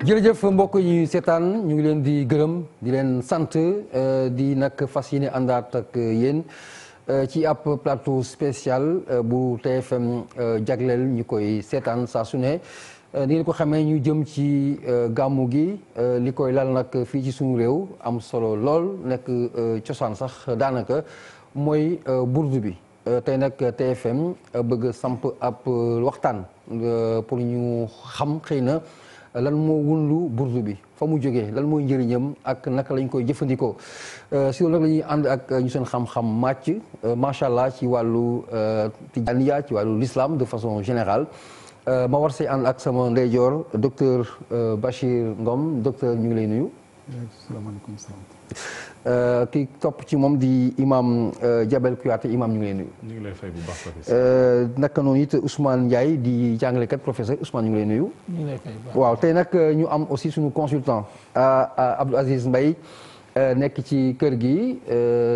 jërëjëf mbokk yi seetaan ñu ngi leen di gërëm di leen sant euh, di nag fas yéene àndaat ak euh, yéen euh, ci ab plateau spécial bu TFM jagleel ñu koy seetaan saa su ne ni ngeen ko xamee ñu jëm ci gàmmu gi li koy lal nag fii ci suñu réew am solo lool nekk cosaan sax daanaka mooy burdu bi tey nag TFM bëgg samp ab waxtaan pour ñu xam xëy na. lan moo wundu burdu bi fa mu jógee lan mooy njëriñam ak naka lañ koy jëfandikoo euh, si loolu nag la ànd ak ñu seen xam-xam màcc euh, macha allah ci wàllu euh, tijaaniya ci wàllu lislaam de façon générale ma war see ànd ak sama ndeyjoor docteur Bachir Ngom docteur ñu ngi lay nuyu. Euh, ki topp ci moom di imam euh, Jabel Kouyaté imam ñu ngi lay nuyu. ñu ngi lay fay bu baax euh, naka noonu it Ousmane Ndiaye di jàngalekat professeur Ousmane ñu ngi lay nuyu. ngi lay fay bu baax waaw tey nag ñu am aussi suñu consultant Abdou Aziz Mbaye nekk ci kër gi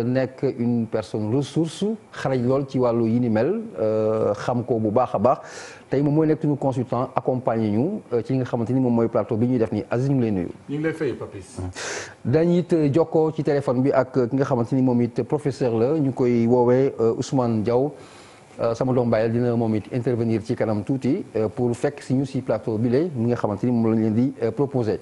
nekk une personne ressource xarañ lool ci wàllu yi ni mel xam ko bu baax a baax. tey moom mooy nekk suñu consultant accompagné ñu euh, ci nga xamante ni moom mooy plateau bi ñuy def ni Aziz ñu ngi lay nuyu. ñu ngi lay Papis. dañuy it euh, jokkoo ci téléphone bi ak euh, ki nga xamante ni moom it professeur la ñu koy woowee Ousmane Diaw sama doom dina moom it intervenir ci kanam tuuti pour fekk si si plateau bi lay mi nga xamante ni moom lañ leen di proposé.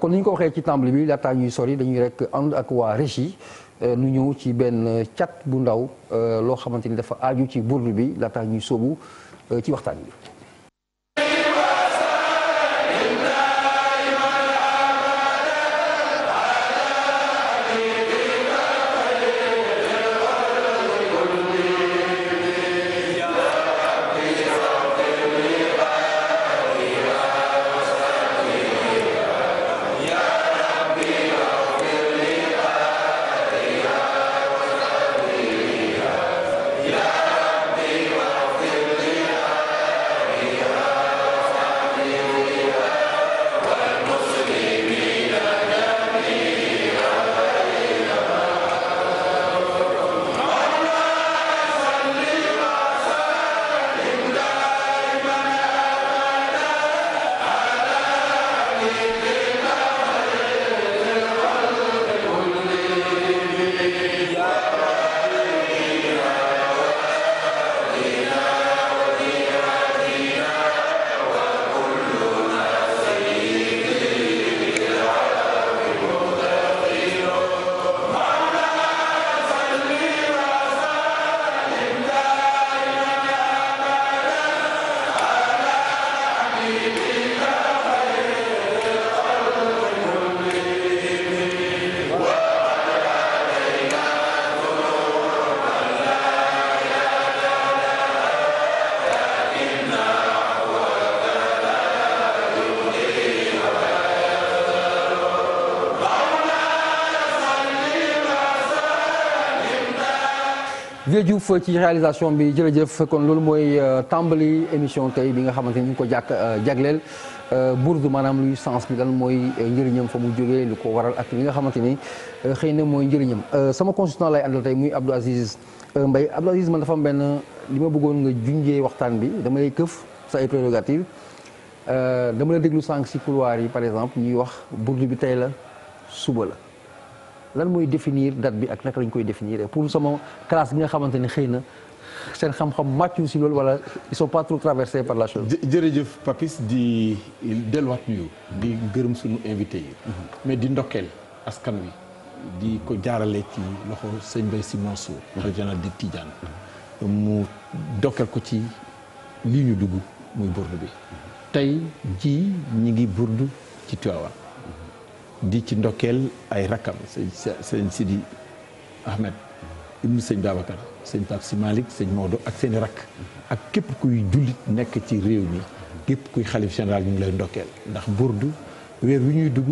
kon ni ñu ko waxee ci tàmbali bi laataa ñuy sori dañuy rek ànd ak waa Régie nu ñëw ci benn cat bu ndaw loo xamante ni dafa aaju ci burdu bi laataa ñuy soobu ci waxtaan bi Ndiaye Diouf ci réalisation bi jërëjëf kon loolu mooy euh, tàmbali émission tey bi nga xamante ni ñu ko jàkk euh, jagleel euh, bourde maanaam luy sens bi lan mooy njëriñam fa mu jógee lu ko waral ak li nga xamante ni xëy na mooy njëriñam sama consultant lay àndal tey muy Abdou Aziz mbay Abdou Aziz man dafa am benn li ma bëggoon nga junjee waxtaan bi damay këf sa ay prérogative dama la déglu sànq si couloir yi par exemple ñuy wax bourde bi tey la suba la lan mooy définir date bi ak naka lañ koy définir pour sama classe bi nga xamante ne xëy na seen xam-xam màccu si loolu wala ils sont pas trop traversés par la chose. jërëjëf Papis di delluwaat nuyu. di gërëm suñu invité yi. Mhm. mais di ndokkeel askan wi. di ko jaarale ci loxo sëñ Bay Si Mansour. régional di Tidiane. mu ndokkeel ko ci lii ñu dugg muy burdu bi. Mhm. tey jii ñu ngi burdu ci Tivaouane. di ci ndokkeel ay rakkam sëñ sëñ Sidi Ahmed ibnu sëñ Babacar sëñ Pape Si Malick sëñ moodo ak seen i rakk ak képp kuy jullit nekk ci réew mi képp kuy xalif général ñu ngi lay ndokkeel ndax burdu weer wi ñuy dugg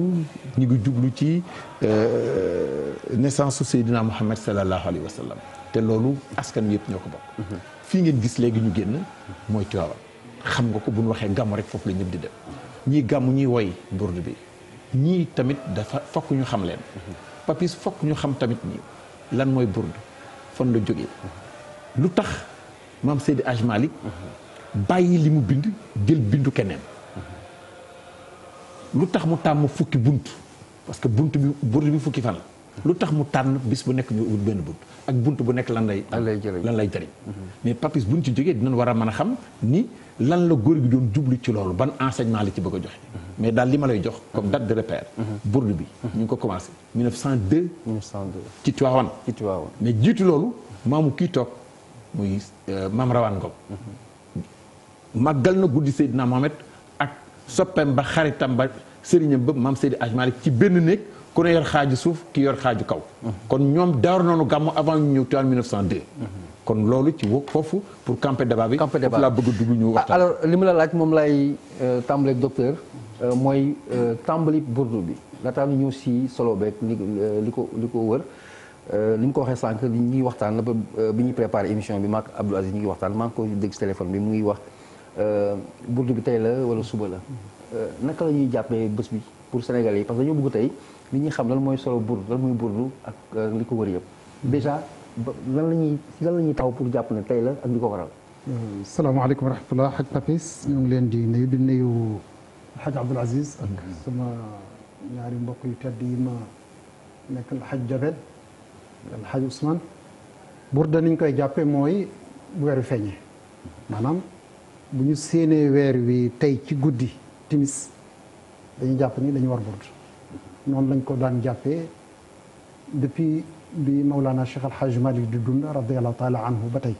ñu ngi jublu ci euh, naissance su Seydina Muhammad sallallahu alayhi wa sallam te loolu askan wi yëpp ñoo ko bokk. fii ngeen gis léegi ñu génn mooy Tiwaawan xam nga ko bu ñu waxee gàmmu rek foofu la ñëpp di dem ñii gàmmu ñuy woy burdu bi. ñii tamit dafa fokk ñu xam leen. papis fokk ñu xam tamit nii lan mooy burd fan la jóge lu tax maam Seydi Aj Malik bàyyi li mu bind jël bindu keneen. lu tax mu tàmm fukki bunt parce que bunt bi burd bi fukki fan la. lu tax mu tànn bis bu nekk ñu ubbi benn bunt ak bunt bu nekk lan lay lan lay jëriñ mhm. mais papis buñ ci jógee dinañ war a mën a xam ni lan la góor gi doon jublu ci loolu ban enseignement la ci bëgg a joxe mhm. mais daal li ma jox comme mhm. date de repère bourde bi ñu ngi ko commencé 1902 1902 ci Tiwaawan ci Tiwaawan mais jiitu loolu maamu kii toog muy euh, maam rawaan Ngom màggal na guddi Seydina Mohamed ak soppeem ba xaritam ba sëriñam ba maam Seydi Aj Malick ci benn néeg ku ne yor xaaju suuf ki yor xaaju kaw. kon ñoom daaru noonu gàmm avant ñu ñëw Tivaouane 1902. kon loolu ci wokk foofu pour camper débat bi. camper débat foofu laa bëgg a dugg ñu ah, waxtaan. alors li ma la laaj moom lay euh, tàmbaleeg docteur euh, mooy euh, tàmbali burdu bi laataa ñu ñëw si solo beeg li li ko li ko wër. ni mu ko waxee sànq ñu ngi waxtaan ba bi ñu préparé émission bi maak Abdou Aziz ñu ngi waxtaan maa ngi ko dégg si téléphone bi mu ngi wax burdu bi tey la wala suba la. naka la ñuy jàppee bés bi pour Sénégalais yi parce que dañoo bëgg tey. li ñi xam lan mooy solo burdu lan mooy burdu ak li ko wër yëpp déjà lan lañuy ñuy lan la ñuy taxaw pour jàpp ne tey la ak li ko waral. Euh, salaamaaleykum wa rahmatulah ak Papis ñoo ngi leen di nuyu di nuyu Alxaj Abdul Aziz ak sama ñaari mbokk yu tedd yi ma nekk Alxaj Jabel Alxaj Ousmane. burda niñ koy jàppee mooy bu weer wi feeñee maanaam bu ñu séenee weer wi tey ci guddi timis dañuy jàpp ni dañu war burdu. noonu lañ ko daan jàppee depuis bi Mawlana Cheikh Al Hadj Malick di dund radiallahu taala anhu ba tey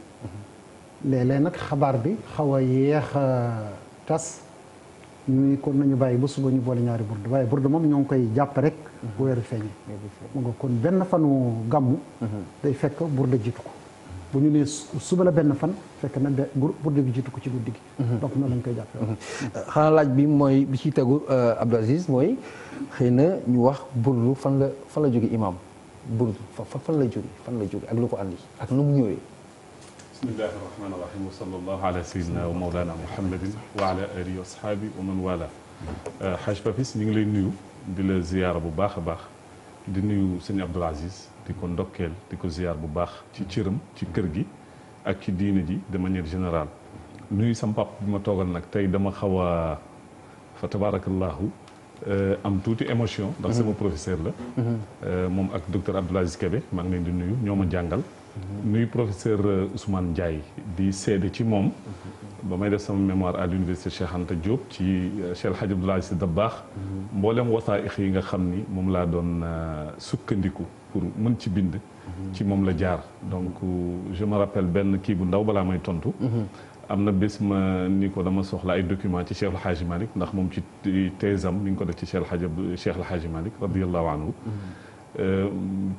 léeg nag xabaar bi xaw a yeex a tas ñu kon nañu bàyyi ba suba ñu boole ñaari burdu waaye burdu moom ñoo ngi koy jàpp rek. Mhm. weeru feeñee. mu kon benn fanu gàmmu. Mhm. day fekk burdu jiitu ko. bu ñu nee suba la benn fan fekk na de guddi gi jiitu ko ci guddi gi. Mhm. donc noonu lañ koy jàppee. Mhm. xanaa laaj bi mooy bi ci tegu euh, Abdou mooy xëy na ñu wax burdu fan la fan la jóge imaam burdu fan la jóge fan la jóge ak lu ko andi ak nu mu ñëwee. bismillahi rahmani rahim wa sallallahu ala sayyidina wa mawlana muhammadin wa ala alihi wa ashabi wa man wala euh, haj papis ñu ngi lay nuyu di la ziyaara bu baax a baax di nuyu sëñ Abdou Aziz di ko ndokkeel di ko ziar bu baax ci cëram ci kër gi ak ci diine ji de manière générale nuyu sam pap bi ma toogal nag tey dama xaw a fa tabarakallahu euh, am tuuti émotion ndax sama professeur la euh, moom ak docteur Abdoul Aziz Kébé maa ngi leen di nuyu ñoo ma jàngal nuyu professeur euh, Ousmane Ndiaye di seede ci moom ba may def sama mémoire à l'université Cheikh Anta ci Cheikh Hadj Abdoul Aziz Dabakh mboolem wasaaix yi nga xam ni moom laa doon sukkandiku pour mën ci bind ci moom la jaar donc je me rappelle benn kii bu ndaw balaa may tontu am na bés ma ni ko dama soxla ay document ci Cheikh El Hadj Malick ndax moom ci teesam mi ngi ko def ci Cheikh El Hadj Cheikh El Hadj Malick radiyallahu anhu euh,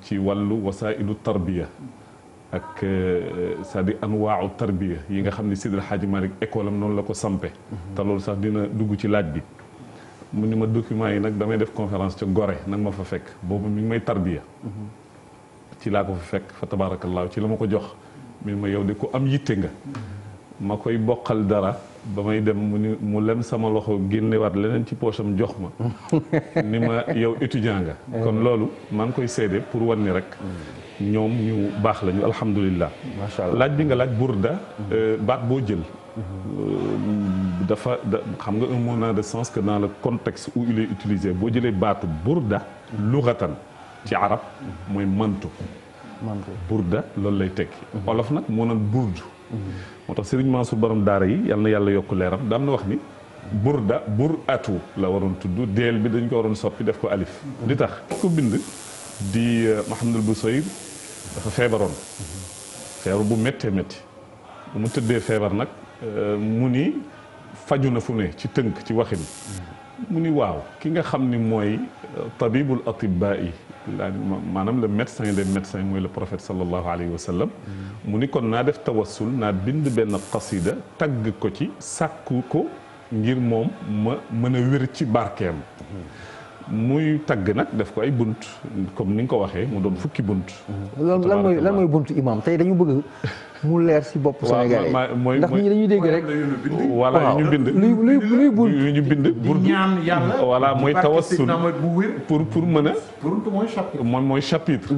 ci wàllu wasailu tarbiya ak euh, c'est-à-dire anwaau tarbiya yi nga xam ne Seydi El Hadj Malick école am noonu la ko sampe te loolu sax dina dugg ci laaj bi mu ni ma document yi nag damay def conférence ca gore nag ma fa fekk boobu mu ngi may tarbiya mhm. ci laa ko fa fekk fa tabaarakallaahu ci la ma ko jox mi ma yow de ku am yitte nga mhm. ma koy bokkal dara ba may dem mu ni mu lem sama loxo génnewaat leneen ci poosam jox ma ni ma yow étudiant nga eh. kon loolu maa ngi koy seede pour wan ni rek mm. ñoom ñu baax lañu alhamdulillah laaj bi nga laaj burda mm. euh, baat boo jël Euh, dafa da xam nga un naa de sens que dans le contexte où boo jëlee baatu burda lughatan ci arab mooy mantu burda loolu lay tekki mhm. olof nag moo naan burdu mhm. moo tax Serigne Mansour borom daara yi yal na yàlla yokk leeram daam na wax ni burda bur atu la waroon tudd deel bi dañ ko waroon soppi def ko alif mhm. li tax ki ko bind di euh, Mahamadul Busoyr dafa feebaroon feebar bu méttee métti bu mu tëddee feebar nag Euh, mu ni faju na fu ne ci tënk ci waxin mu ni waaw ki nga xam ni mooy euh, tabibul atibaa yi maanaam le médecin des médecins mooy la prophète sallallahu alayhi wa mu ni kon naa def tawassul naa bind benn qasida tagg ko ci sàkku ko ngir moom ma mën a wér ci barkeem muy tagg nag def ko ay bunt comme ni nga ko waxee mu doon fukki bunt lan mooy lan mooy buntu tey dañu bëgg mu leer si boppu Sénégalais yi ndax ñi dañuy dégg rek voilà ñu bind luy luy bunt ñu bind pour ñaan yàlla voilà mooy tawassul pour pour mën a moom mm. mooy chapitre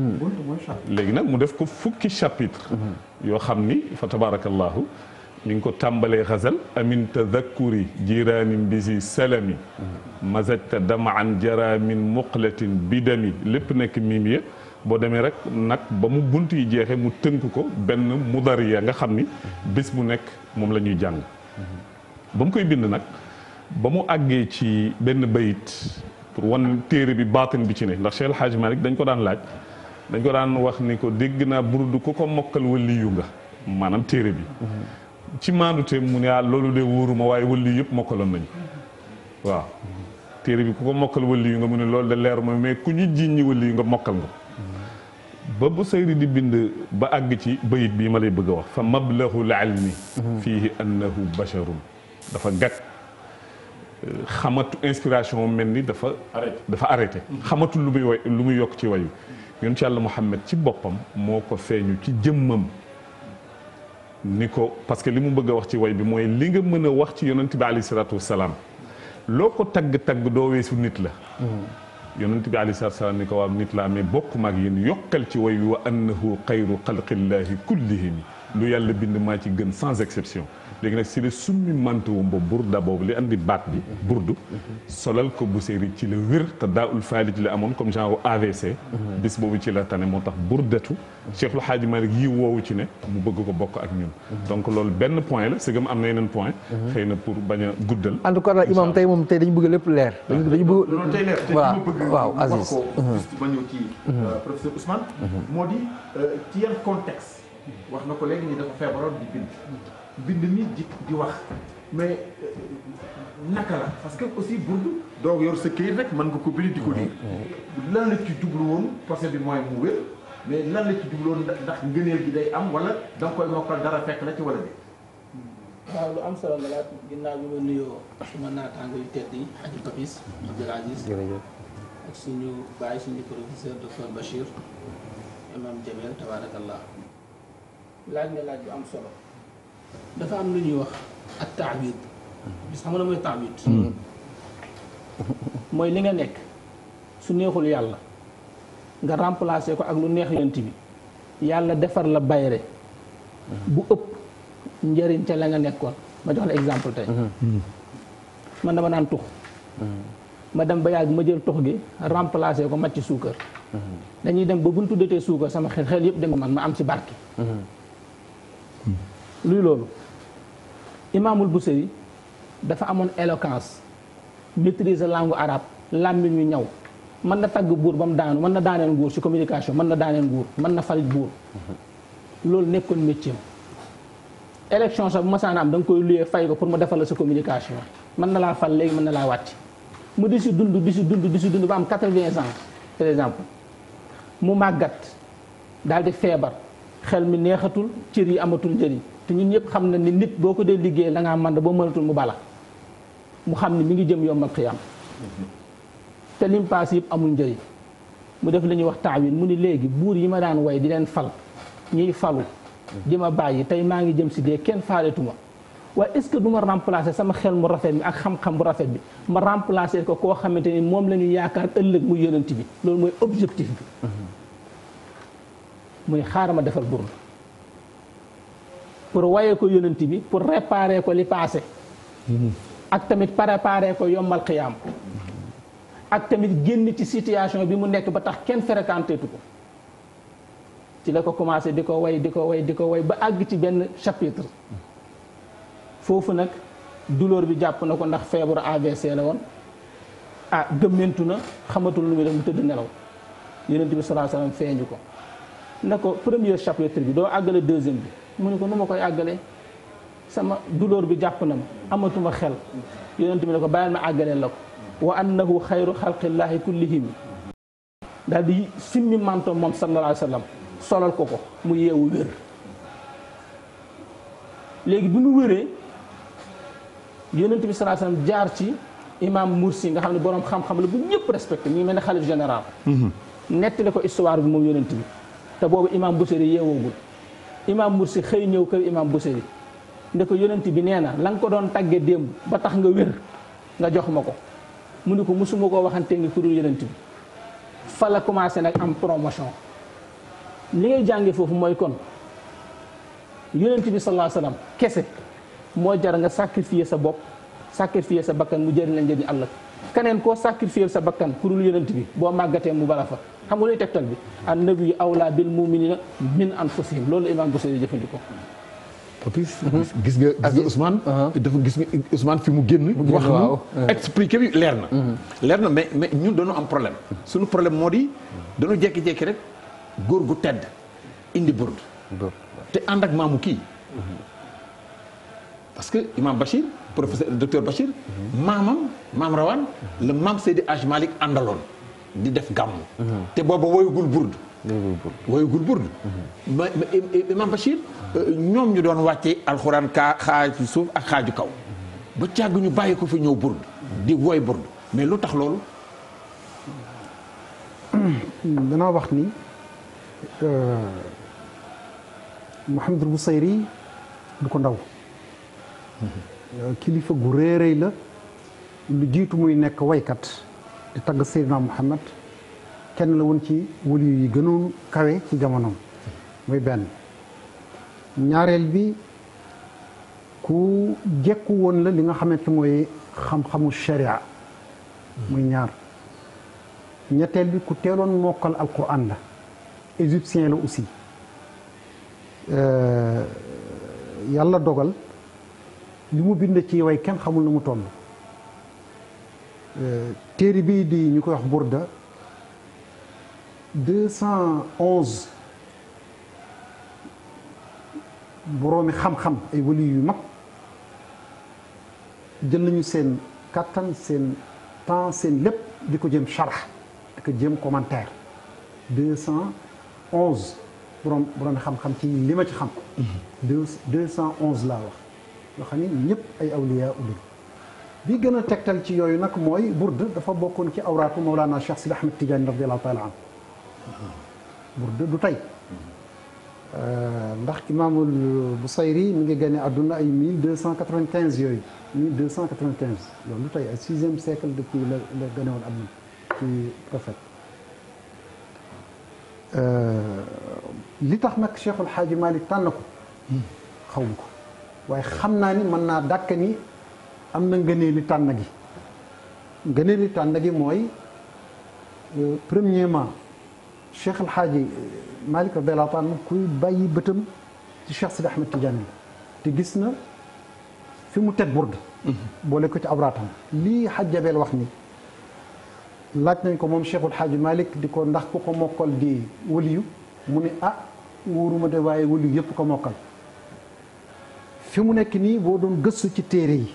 léegi nag mu def ko fukki chapitre mm-hmm. yoo xam ni fa tabarakallahu mi ngi ko tàmbalee xasal amin tadakkuri jiraanin bisi salami mm-hmm. mazajta dama an jaramin muqlatin bidami lépp nekk miim ya boo demee rek nag ba mu bunt yi jeexee mu tënk ko benn mudariya nga xam ni bés bu nekk moom la ñuy jàng ba mu koy bind nag ba mu àggee ci benn bayit pour wan téere bi baatan bi ci ne ndax Cheikh El Hadj Malick dañ ko daan laaj dañ ko daan wax ni ko dégg naa burdu ku ko mokkal waliyu nga maanaam téere bi ci maandute mu ne ah, loolu de wóoruma waaye waliyu yëpp mokkaloon nañu waaw téere bi ku ko mokkal waliyu nga mu ne loolu de leeruma mais ku ñu jiñ ñi waliyu nga mokkal ba bu sayri di bind ba àgg ci bayit bii ma lay bëgg a wax fa mablahul ilmi mhm. fiihi annahu basharun dafa gàtt xamatu inspiration mel ni dafa dafa arrêté mhm. xamatu lu muy way lu muy yokk ci wayu yonent yàlla ci boppam moo ko feeñu ci jëmmam ni ko parce que li mu bëgg a wax ci way bi mooy li nga mën a wax ci yonent bi alayhi salaatu wasalaam loo ko tagg-tagg doo weesu nit la mhm. yonent bi alei salatu salaam ni ko waaw nit laa mais bokk maag yéen yokkal ci way wi wa annahu xayru xalqillahi kullihim lu yàlla bind maa ci gën sans exception léegi nag si la summi mantuwum ba burda boobu li andi baat bi burdu solal ko bu séeri ci la wér te daawul faali ci la amoon comme genre AVC bis boobu ci la tane moo tax burdatu Cheikhul Hadji Malick yi woowu ci ne mu bëgg ko bokk ak ñun donc loolu benn point la sigam am na yeneen point xëy na pour bañ a guddal en tout cas imam tey moom tey dañu bëgg lépp leer dañu bëgg tey leer voilà waaw Aziz ko juste ma ñëw euh, mhm. moo di euh, wax na ko léegi bind mi di di wax mais euh, naka la parce que aussi burdu doo yor sa këyit rek mën nga ko bind di ko lire mm-hmm. Mm-hmm. lan la ci jublu woon procès bi mooy mu wér mais lan la ci jublu woon ndax ngëneel gi day am wala da nga koy mokkal dara fekk la ci wala bi mm-hmm. waaw lu am solo laa laaj ginnaaw bi ma nuyoo suma naataango yu tedd yi Hadji Papis Abdoul Aziz ak suñu bàyyi suñu professeur docteur Bachir imam Jamel tabarakallah laaj nga laaj bu am solo dafa am lu ñuy wax ak taabid bis xam na mooy taabid hmm. mooy li nga nekk su neexul yàlla nga remplacer ko ak lu neex yonent bi yàlla defar la bayre bu ëpp njëriñ ca la nga nekkoon ma jox la exemple tey hmm. man dama naan tux hmm. ma dem ba yàgg ma jël tux gi remplacer ko mat ci suukar dañuy dem ba bu ñu tuddatee suukar sama xel xel yëpp dem man ma am ci barke luy loolu imaamul Busiri dafa amoon éloquence maîtriser langue arabe làmmiñ wi ñaw mën na tagg buur ba mu daanu mën na daaneel nguur si communication mën na daaneel nguur mën na falit buur mhm. loolu nekkoon métier élection sax bu ma saan am da koy luyee fay ko pour ma defal la sa communication mën na laa fal léegi mën na laa wàcc mu di si dund di si dund di si dund ba am quatre-vingts ans par exemple mu màggat daal di feebar xel mi neexatul cër yi amatul njëriñ te ñun ñëpp xam na ni nit boo ko dee liggéey da ngaa mën boo mënatul mu bala mu xam ni mi ngi jëm yombal xiyaam te lim paas amul njëriñ mu def lañuy ñuy wax taawin mu ni léegi buur yi ma daan way di leen fal ñuy falu di ma bàyyi tey maa ngi jëm si dee kenn faaletu ma waaye est-ce que du ma remplacer sama xel mu rafet mi ak xam-xam bu rafet bi ma remplacer ko koo xamante ni moom lañuy yaakaar ëllëg mu yonent bi loolu mooy objectif bi mhm. muy xaaral ma defal buur pour waye ko yonent bi pour réparer ko li passé ak tamit préparer ko yombal xiyaam ak tamit génn ci situation bi mu nekk ba tax kenn tu ko ci la ko commencé di ko way di ko way di ko way ba àgg ci benn chapitre foofu nag douleur bi jàpp na ko ndax feebaru AVC la woon ah gëmmentu na xamatul lu muy def mu tëdd nelaw yonent bi sallallahu alayhi feeñu ko na ko premier chapitre bi doo àggale deuxième bi mu ne ko nu ma koy àggale sama douleur bi jàpp na ma amatuma xel yonent bi ne ko bàyyil ma àggaleen la ko wa annahu xayru xalqillaahi kullihim daal di simmi mantoom moom sallallahu alayhi wa sallam solal ko ko mu yeewu wér léegi bu ñu wéree yonent bi sallallahu alayhi wa sallam jaar ci imam Mursi nga xam ne boroom xam-xam la bu ñëpp respecté ñu ngi mel ne xalif général mhm. nettali ko histoire bi moom yonent bi te boobu imam Busiri yeewoogul imaam Mursi xëy ñëw kër imaam Busiri ne ko yonent bi nee na la nga ko doon tàggee démb ba tax nga wér nga jox ma ko mu ne ko mosuma koo waxante ngi ku dul yonent bi fa la commencé nag am promotion li ngay jànge foofu mooy kon yonent bi sallallahu alayhi wasallam kese moo jar nga sacrifier sa bopp sacrifier sa bakkan mu jëriñ la njëriñ Allah keneen koo sacrifier sa bakkan ku dul bi boo màggatee mu bala fa xam nga lay tegtal bi annabi yu awlaa bil muminina min anfusihim loolu la imam Busiri jëfandikoo papis mhm. gis nga gis nga Ousmane uh-huh. dafa gis nga Ousmane fi mu génn wax nu uh-huh. expliqué bi leer na mhm. leer na mais mais ñun dañu am problème suñu problème moo di dañu jekki-jekki rek góor gu tedd indi burd te ànd ak maamu kii mhm. parce que imam Bachir professeur docteur Bachir maamam maam rawaan la maam Seydi Hadj àndaloon di def gàmm mhm. te booba woyugul burdu woyugul burdu mhm. ma imam Bachir mhm. euh, ñoom ñu doon wàcce alxuraan kaa xaaju suuf ak kaw ba càgg ñu bàyyi ko fi ñëw burdu di woy burdu mais lu tax loolu hmm, danaa wax ni euh, Mouhamadul Bousayri du ko ndaw euh, kilifa gu réeréy la lu jiitu muy nekk woykat di tagg Seydina Muhammad kenn la woon ci waliyu yi gënoon kawe ci jamonoom muy benn ñaareel bi ku jekku woon la li nga xamante mooy xam-xamu sharia muy ñaar ñetteel bi ku teeloon mokkal alquran la égyptien la aussi euh, yàlla dogal li mu bind ci way kenn xamul na mu toll Euh, téere bii di ñu koy wax Burda deux cent onze boroomi xam-xam ay wali yu mag jël nañu seen kàttan seen temps seen lépp di ko jëm charx di ko jëm commentaire deux cent onze borom boroomi xam-xam ci li ma ci xam mhm. cent onze laa wax yoo xam ni ñëpp ay awliya ulu bi gën a tal ci yooyu nag mooy burd dafa bokkoon ci awraatu Mawlana Cheikh Sidi Ahmed Tidiane radiallahu taala an burd du tey ndax imaamul Busayri mi ngi génne àdduna ay 1295 yooyu 1295 loolu du tey ay sixième siècle depuis la la gane woon àdduna ci prophète euh, li tax nag Cheikhul Xaaji Malick tànn ko hmm. xaw ma ko waaye xam naa ni mën am na ngëneeli tànn gi ngëneeli tànn gi mooy euh, premièrement Cheikh El Hadji euh, Malick radiyallahu anhu kuy bàyyi bëtam ci Cheikh Sidi Ahmed Tidiane te gis na fi mu teg burd mhm. boole ko ci awraatam lii xajjabeel wax ni laaj nañ ko moom Cheikhul Hadji Malick di ko ndax ku ko mokkal di waliyu mu ni ah wóoruma de waaye waliyu yépp ko mokkal fi mu nekk nii boo doon gëstu ci téere yi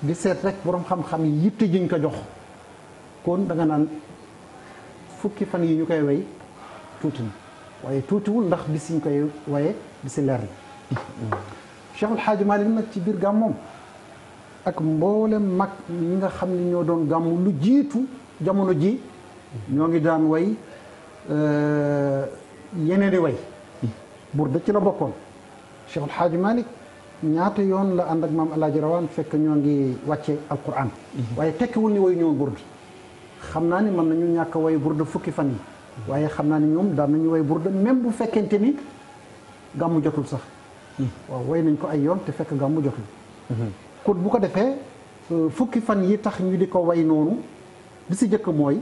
di seet rek boroom xam-xam yi yitte jiñ ko jox kon danga naan fukki fan yi ñu koy way tuuti na waaye tuutiwul ndax bis ñu koy waye bisi leer la Cheikhul Xaaji Maalik nag ci biir gàmmoom ak mboolem mag ñi nga xam ni ñoo doon gàmmu lu jiitu jamono ji ñoo ngi daan way euh, yeneen di way burde ci la bokkoon Cheikhul Xaaji Maalik ñaata yoon la ànd ak maam Alaaji Rawaan fekk ñoo ngi wàcce alquran mhm. waaye tekkiwul ni way ñoo burd xam naa ni mën nañu ñàkk way burd fukki fan yi waaye xam naa ni ñoom daan nañu way burd même bu fekkente ni gàmmu jotul sax mhm. waaw way nañ ko ay yoon te fekk gàmmu jotul mhm. kon bu ko defee euh, fukki fan yi tax ñu di ko way noonu bi si jëkk mooy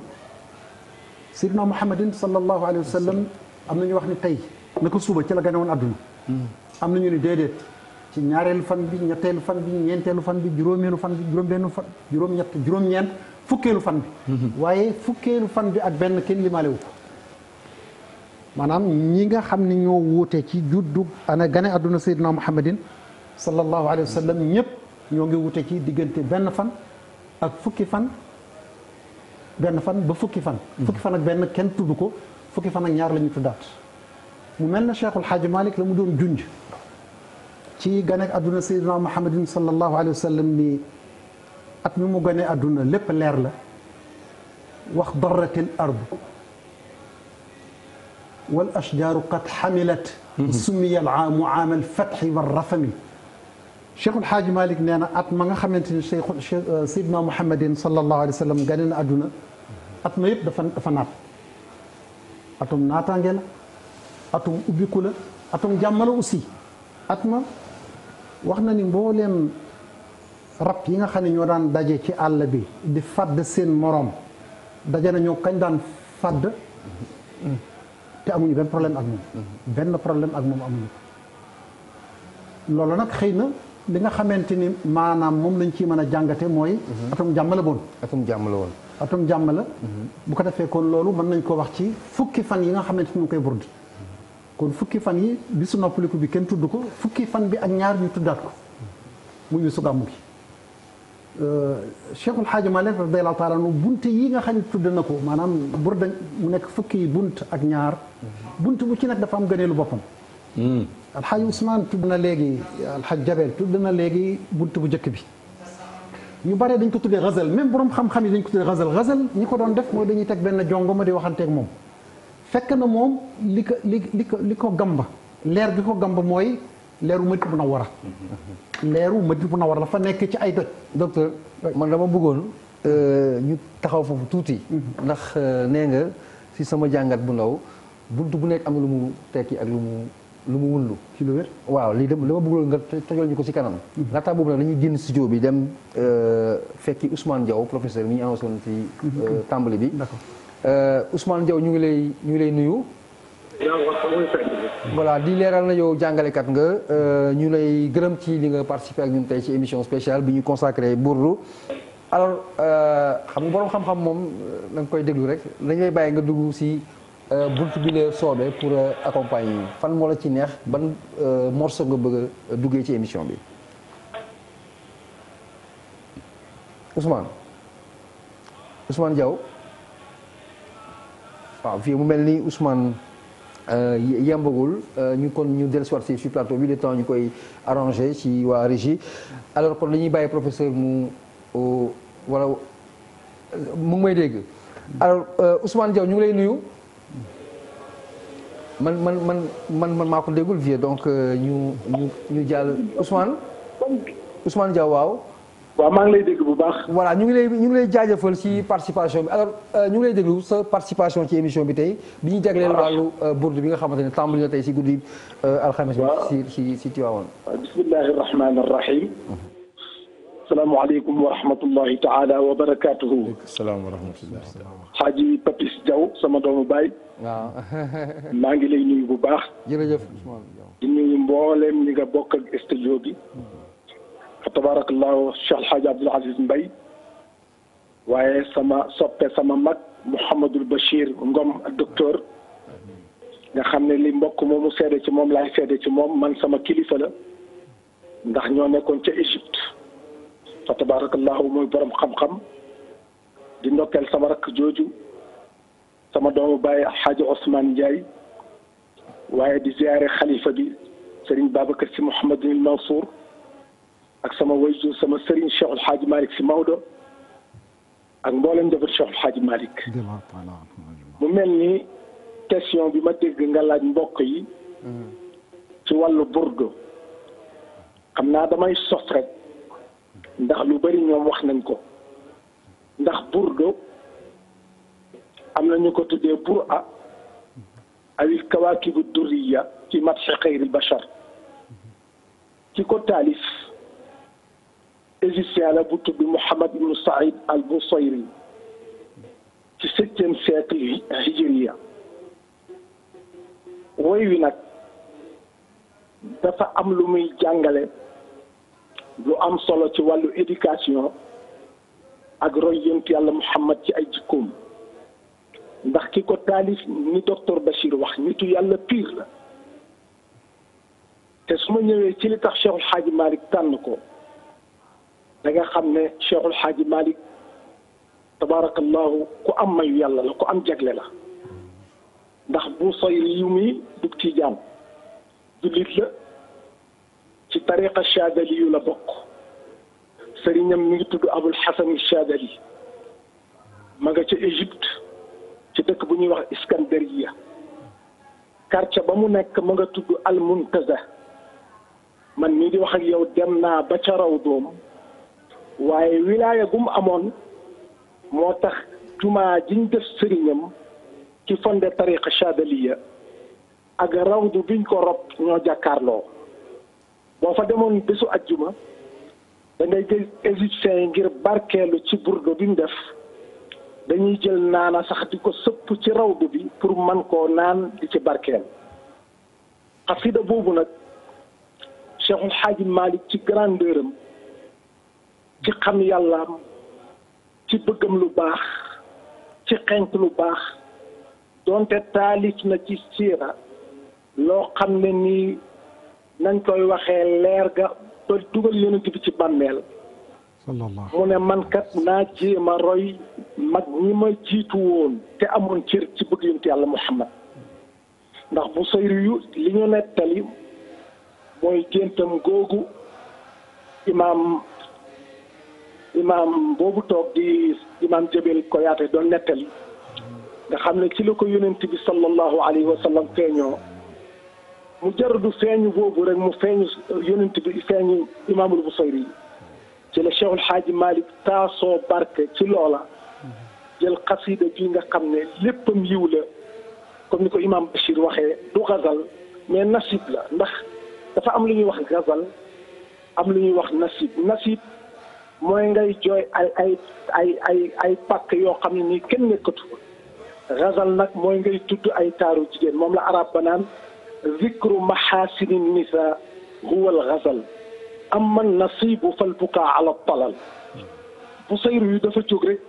sayyidina muhammadin sallallahu alayhi wa sallam am na ñu wax ni tey na ko suba ci la gane woon àdduna am na ñu ni déedéet ci ñaareelu fan bi ñetteelu fan bi ñeenteelu fan bi juróomeelu fan bi juróom-benn fan juróom-ñett juróom-ñeent fukkeelu fan bi. Mhm. waaye fukkeelu fan bi ak benn kenn limaale wu ko. maanaam ñi nga xam ni ñoo wuute ci juddu ana gane àdduna sayyidina muhammadin sallallahu alayhi wa sallam ñëpp ñoo ngi wute ci diggante benn fan ak fukki fan benn fan ba fukki fan. Mhm. fukki fan ak benn kenn tudd ko fukki fan ak ñaar la ñu tuddaat mu mel na Cheikhul Xaaji Malik la mu doon junj. ci gane ak àdduna sayyidina muhammadin sallallahu alayhi wa sallam ni at mi mu gane àdduna lépp leer la wax darratil ard wal ashjaaru qad xamilat mhm. summiya al aamu aam al fatxi wa rafami Cheikhul Xaaji Malick nee na at ma nga xamante ni Cheikh Seydina Muhammadin sallallahu alayhi wa sallam gane na àdduna at ma yëpp dafa dafa naat atum naataange la atum ubbiku la atum jàmm la aussi at ma wax na ni mbooleem rab yi nga xam ne ñoo daan daje ci àll bi di fàdd seen moroom daje nañoo kañ daan fàdd te amuñu benn problème ak moom benn problème ak moom amuñu loolu nag xëy na li nga xamante ni maanaam moom lañ ciy mën a jàngate mooy atum jàmmale la boon atum jàmm atum jàmm mhm. bu ko defee koon loolu mën nañ koo wax ci fukki fan yi nga xamante ni ñu ngi koy burdi kon fukki fan yi bisu noppaliku bi kenn tudd ko fukki fan bi ak ñaar ñu tuddaat ko muy bisu gàmmu gi euh, Cheikhul Xaaji Maalik radiyallaahu taala bunt yi nga xam ne tudd na ko maanaam burda mu nekk fukki bunt ak ñaar bunt bu ci nag dafa am gëneelu boppam hmm. alxaaj Ousmane tudd na léegi alxaaj Jabel tudd na léegi bunt bu njëkk bi ñu bare dañ ko tuddee xazal même borom xam-xam yi dañ ko tuddee xazal xazal ñu ko doon def mooy dañuy teg benn jongo ma di waxanteeg moom fekk na moom li ko li li ko li ko gamba leer bi ko gamba mooy leeru Madina Munawara leeru Madina Munawara la fa nekk ci ay doj docteur man dama bëggoon euh, ñu taxaw foofu tuuti mhm. ndax euh, nee nga si sama jàngat bu ndaw buntu bu nekk am na lu mu tekki ak lu mu lu mu wullu ci lu waaw lii dem li ma bëggoon nga tojal ñu ko si kanam mhm. laataa boobu nag dañuy génn studio bi dem euh, fekki Ousmane Diaw professeur mi ñu annoncé woon ci mhm. tàmbali bi Euh, Ousmane Diaw ñu ngi lay ñu ngi lay nuyu. voilà di leeral na yow jàngalekat nga euh, ñu lay gërëm ci li nga participé ak ñun tey ci émission spéciale bi ñu consacré Bourd. alors euh, xam nga borom xam-xam moom da nga koy déglu rek dañ bàyyi nga dugg si bunt bi la soobee pour accompagner fan moo la ci neex ban morceau nga bëgg duggee ci émission bi Ousmane Ousmane Diaw. waaw fii mu mel ni Ousmane euh, yembagul euh, ñu kon ñu dellusiwaat si ci plateau bi le temps ñu koy arrangé ci waa régie alors kon dañuy bay professeur mu wala mu ngi may dégg alors euh, Ousmane ñu ngi lay nuyu man man man man man maa ko déggul vie donc ñu ñu ñu jàll Ousmane Ousmane waaw waaw maa ngi lay dégg bu baax. voilà ñu ngi lay ñu ngi lay jaajëfal ci participation bi alors euh, ñu ngi lay déglu sa participation ci émission bi tey bi ñu jagleel wàllu euh, burdu bi nga xamante ne tàmbali na tey ci guddi euh, alxames. waaw ci ci ci Tiwaawan. bismillahi rahmaani rahim. salaamaaleykum wa rahmatullahi taala wa barakaatuhu. salaam wa rahmatullah. xaaji Papis Diaw sama doomu baay. waaw. maa ngi lay nuyu bu baax. jërëjëf. di nuyu mboolem ñi nga bokk ak studio bi. fa tabarakallahu Cheikh Alhaji Abdoul Aziz Mbaye waaye sama soppe sama mag Mouhamadul Bachir Ngom ak docteur nga xam ne li mbokk moomu seede ci moom laay seede ci moom man sama kilifa la ndax ñoo nekkoon ca Égypte fa tabarakallahu muy borom xam-xam di ndokkeel sama rakk jooju sama doomu bàyyi Alhaji Ousmane Ndiaye waaye di ziare xalifa bi Serigne Babacar Sy Mouhamadul Mansour ak sama wayjur sama sëriñ Cheikhul Xaaji Malick si Maodo ak mboolem njabootu Cheikhul Xaaji Malick mu mel ni question bi ma dégg nga laaj mbokk yi ci wàllu burdo xam naa damay sof rek ndax lu bari ñoom wax nañ ko ndax burdo am na ñu ko tuddee bur'a awil kawaakibu durriya ci mat xayril bashar ci ko taalif égyptien la bu tudd Mouhamad ibnu Saïd al Busayri ci septième siècle hijriya woy wi nag dafa am lu muy jàngale lu am solo ci wàllu éducation ak roy yonent yàlla Mouhamad ci ay jikkoom ndax ki ko taalif ni docteur Bachir wax nitu yàlla pire la te su ma ñëwee ci li tax Cheikhul Xaaji Malick tànn ko da nga xam ne Cheikhul Xaaji Malick tabaarakallaahu ku am mayu yàlla la ku am jagle la ndax bu soy yu muy dug ci jaam jullit la ci tariqa Chaadali yu la bokk sëriñam mi ngi tudd Abul Xasan Chaadali ma nga ci Égypte ci dëkk bu ñuy wax Iskandariya quartier ba mu nekk ma nga tudd Al Muntaza man mii di wax ak yow dem naa ba ca raw doom waaye wilaaya gu mu amoon moo tax jumaa jiñ def sëriñam ci fonde tariqa chadaliya ak rawdu biñ ko rob ñoo jàkkaarloo boo fa demoon bésu ajjuma dangay ngay yi ngir barkeelu ci burdo biñ def dañuy jël naana sax di ko sëpp ci rawdu bi pour man koo naan di ci barkeel xasida boobu nag Cheikhul Xaaji Malick ci grandeuram ci xam yàllaam ci bëggam lu baax ci xenk lu baax doonte taalif na ci siira loo xam ne nii nañ koy waxee leer ga ba dugal yonent bi ci bàmmeel mu ne man kat naa jéem roy mag ñi ma jiitu woon te amoon cër ci bëgg yonent yàlla muhammad ndax bu sëyri li ñu nettali mooy géntam googu imaam imaam boobu toog di imaam Jabel Koyaate doon nettali nga xam ne ci la ko yonent bi sallallahu alayhi wa sallam feeñoo mu jaradu feeñu boobu rek mu feeñu yonent bi feeñu imaamul Busayri ci la Cheikhul Xaaji Malick taasoo barke ci loola jël xasida bi nga xam ne léppam yiw la comme ni ko imaam Bachir waxee du gazal mais nasib la ndax dafa am lu ñuy wax gazal am lu ñuy wax nasib nasib mooy ngay jooy ay ay ay ay yoo xam ne nii kenn nekkatu xazal nag mooy ngay tudd ay taaru jigéen moom la arab ba naan zikru maxaasini nisa huwa al xazal amma nasibu fal bukaa ala talal bu sayru yu dafa jóg rek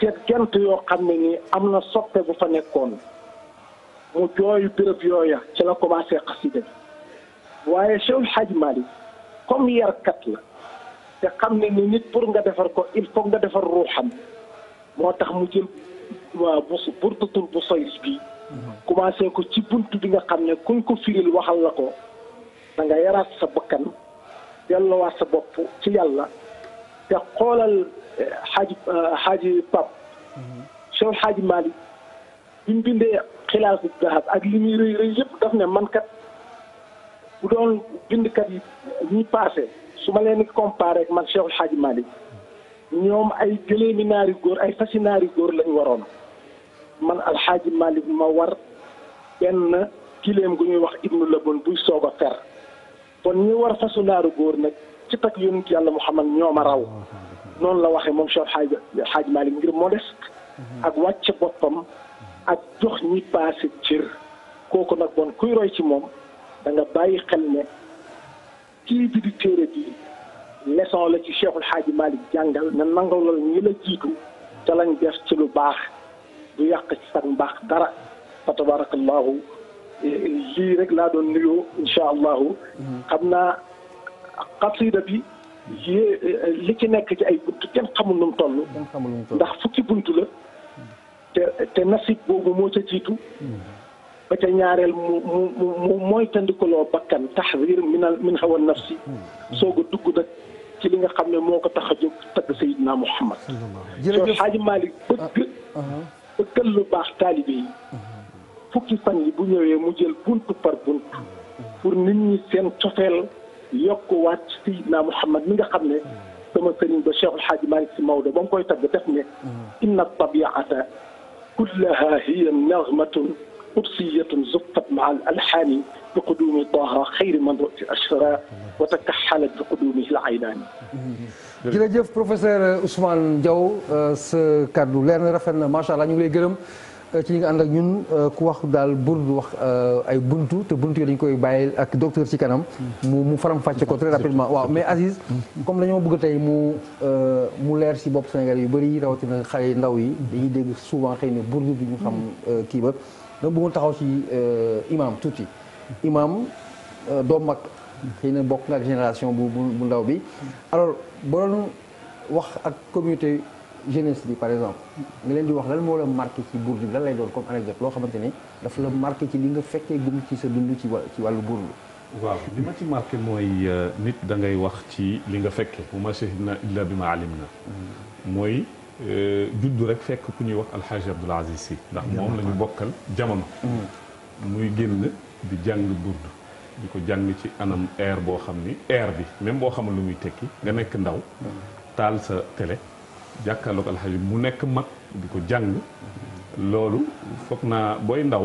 seet gent yoo xam ne nii am na soppe bu fa nekkoon mu jooy béréb yooya ci la commencé xasida bi waaye Cheikh Hadj Malick comme yarkat la te xam ne ni nit pour nga defar ko il faut nga defar ruuxam moo tax mu jël waa bu burdatul bu soyis bi commencé ko ci bunt bi nga xam ne kuñ ko firil waxal la ko danga nga yaraat sa bakkan delluwaat sa bopp ci yàlla te xoolal xaaji eh, xaaji eh, pap cheikh xaaji malik bi mu bindee xilaasu dahab ak li muy rëy rëy yépp daf ne mankat kat bu doon bindkat yi ñi passé su ma leen comparer ak man Cheikhul Hadj Malick ñoom ay gëleemi naari góor ay fasi naari góor lañ waroon man alxaaji Malick ma war benn kiléem gu ñuy wax ibnu labon buy soog a fer kon ñi war fasu naaru góor nag ci takk yonent yàlla Muhammad ñoom a raw noonu la waxee moom Cheikhul Hadj Hadj malik ngir modeste ak wàcc boppam ak jox ñi paase cër kooku nag bon kuy roy ci moom danga nga bàyyi xel ne kii bi di téere bi leçon la ci Cheikhul Xaaji Malick jàngal na nangalal ñi la jiitu ca lañ def ci lu baax du yàq ci sax mbaax dara fa tabarakallahu lii rek laa doon nuyoo insha allahu mm-hmm. xam naa xasida bi li ci nekk ci ay bunt kenn xamul nu mu ndax fukki bunt la mm-hmm. te te nasib boobu moo ca jiitu mm-hmm. ba ñaareel mu mu mu mooy tandikuloo bakkan taxdir minal min hawa nafsi soog a ci li nga xam ne moo ko tax a jóg tagg Seydina Muhammad soo xaaji Malick bëgg ah, ah, ah. bëggal lu baax taalibe yi fukki fan yi bu ñëwee mu jël buntu par buntu pour nit ñi seen cofeel yokk waat ci Muhammad mi nga xam ne sama sëriñ ba Cheikh El Hadj Malick Sy Maodo ba mu koy tagg def ne inna tabiata kullaha hiya nazmatun قدسية زقت مع الألحان بقدوم طه خير من رؤت أشرى وتكحلت بقدومه leer na rafet na macha ñu ngi lay gërëm ci li nga ànd ak ñun ku wax daal burdu wax ay buntu te buntu yi dañu koy bàyyi ak docteur ci kanam. Mm-hmm. mu mu faram-fàcce ko très rapidement waaw mais Aziz. Mm-hmm. comme dañoo bëgg tey mu euh, mu leer si bopp Sénégal yu bëri rawatina xale yu ndaw yi. dañuy dégg souvent xëy na burdu bi ñu xam mm-hmm. euh, kii dama bëggoon taxaw ci euh, imaam tuuti imam euh, doo mag xëy na bokk nga ak génération bu bu ndaw bi alors boo doon wax ak communauté jeunesse bi par exemple nga leen di wax lan moo la marqué ci Bourdi bi lan lay doon comme anecdote loo xamante ni dafa la marqué ci li nga fekkee gum ci sa dund ci ci wàllu Bourdi waaw li ma ci marqué mooy euh, nit da ngay wax ci li nga fekke bu ma shahidna illa bi ma alim na hmm. mooy Euh, juddu rek fekk ku ñuy wax alxaaji Abdoul Aziz Sy ndax moom la ñu bokkal jamono mm. muy génn di jàng burdu di ko jàng ci anam air boo xam ni air bi même boo xamul lu muy tekki nga nekk ndaw mm. taal sa télé jàkkaarloog alxaaji mu nekk mag di ko jàng loolu foog naa booy ndaw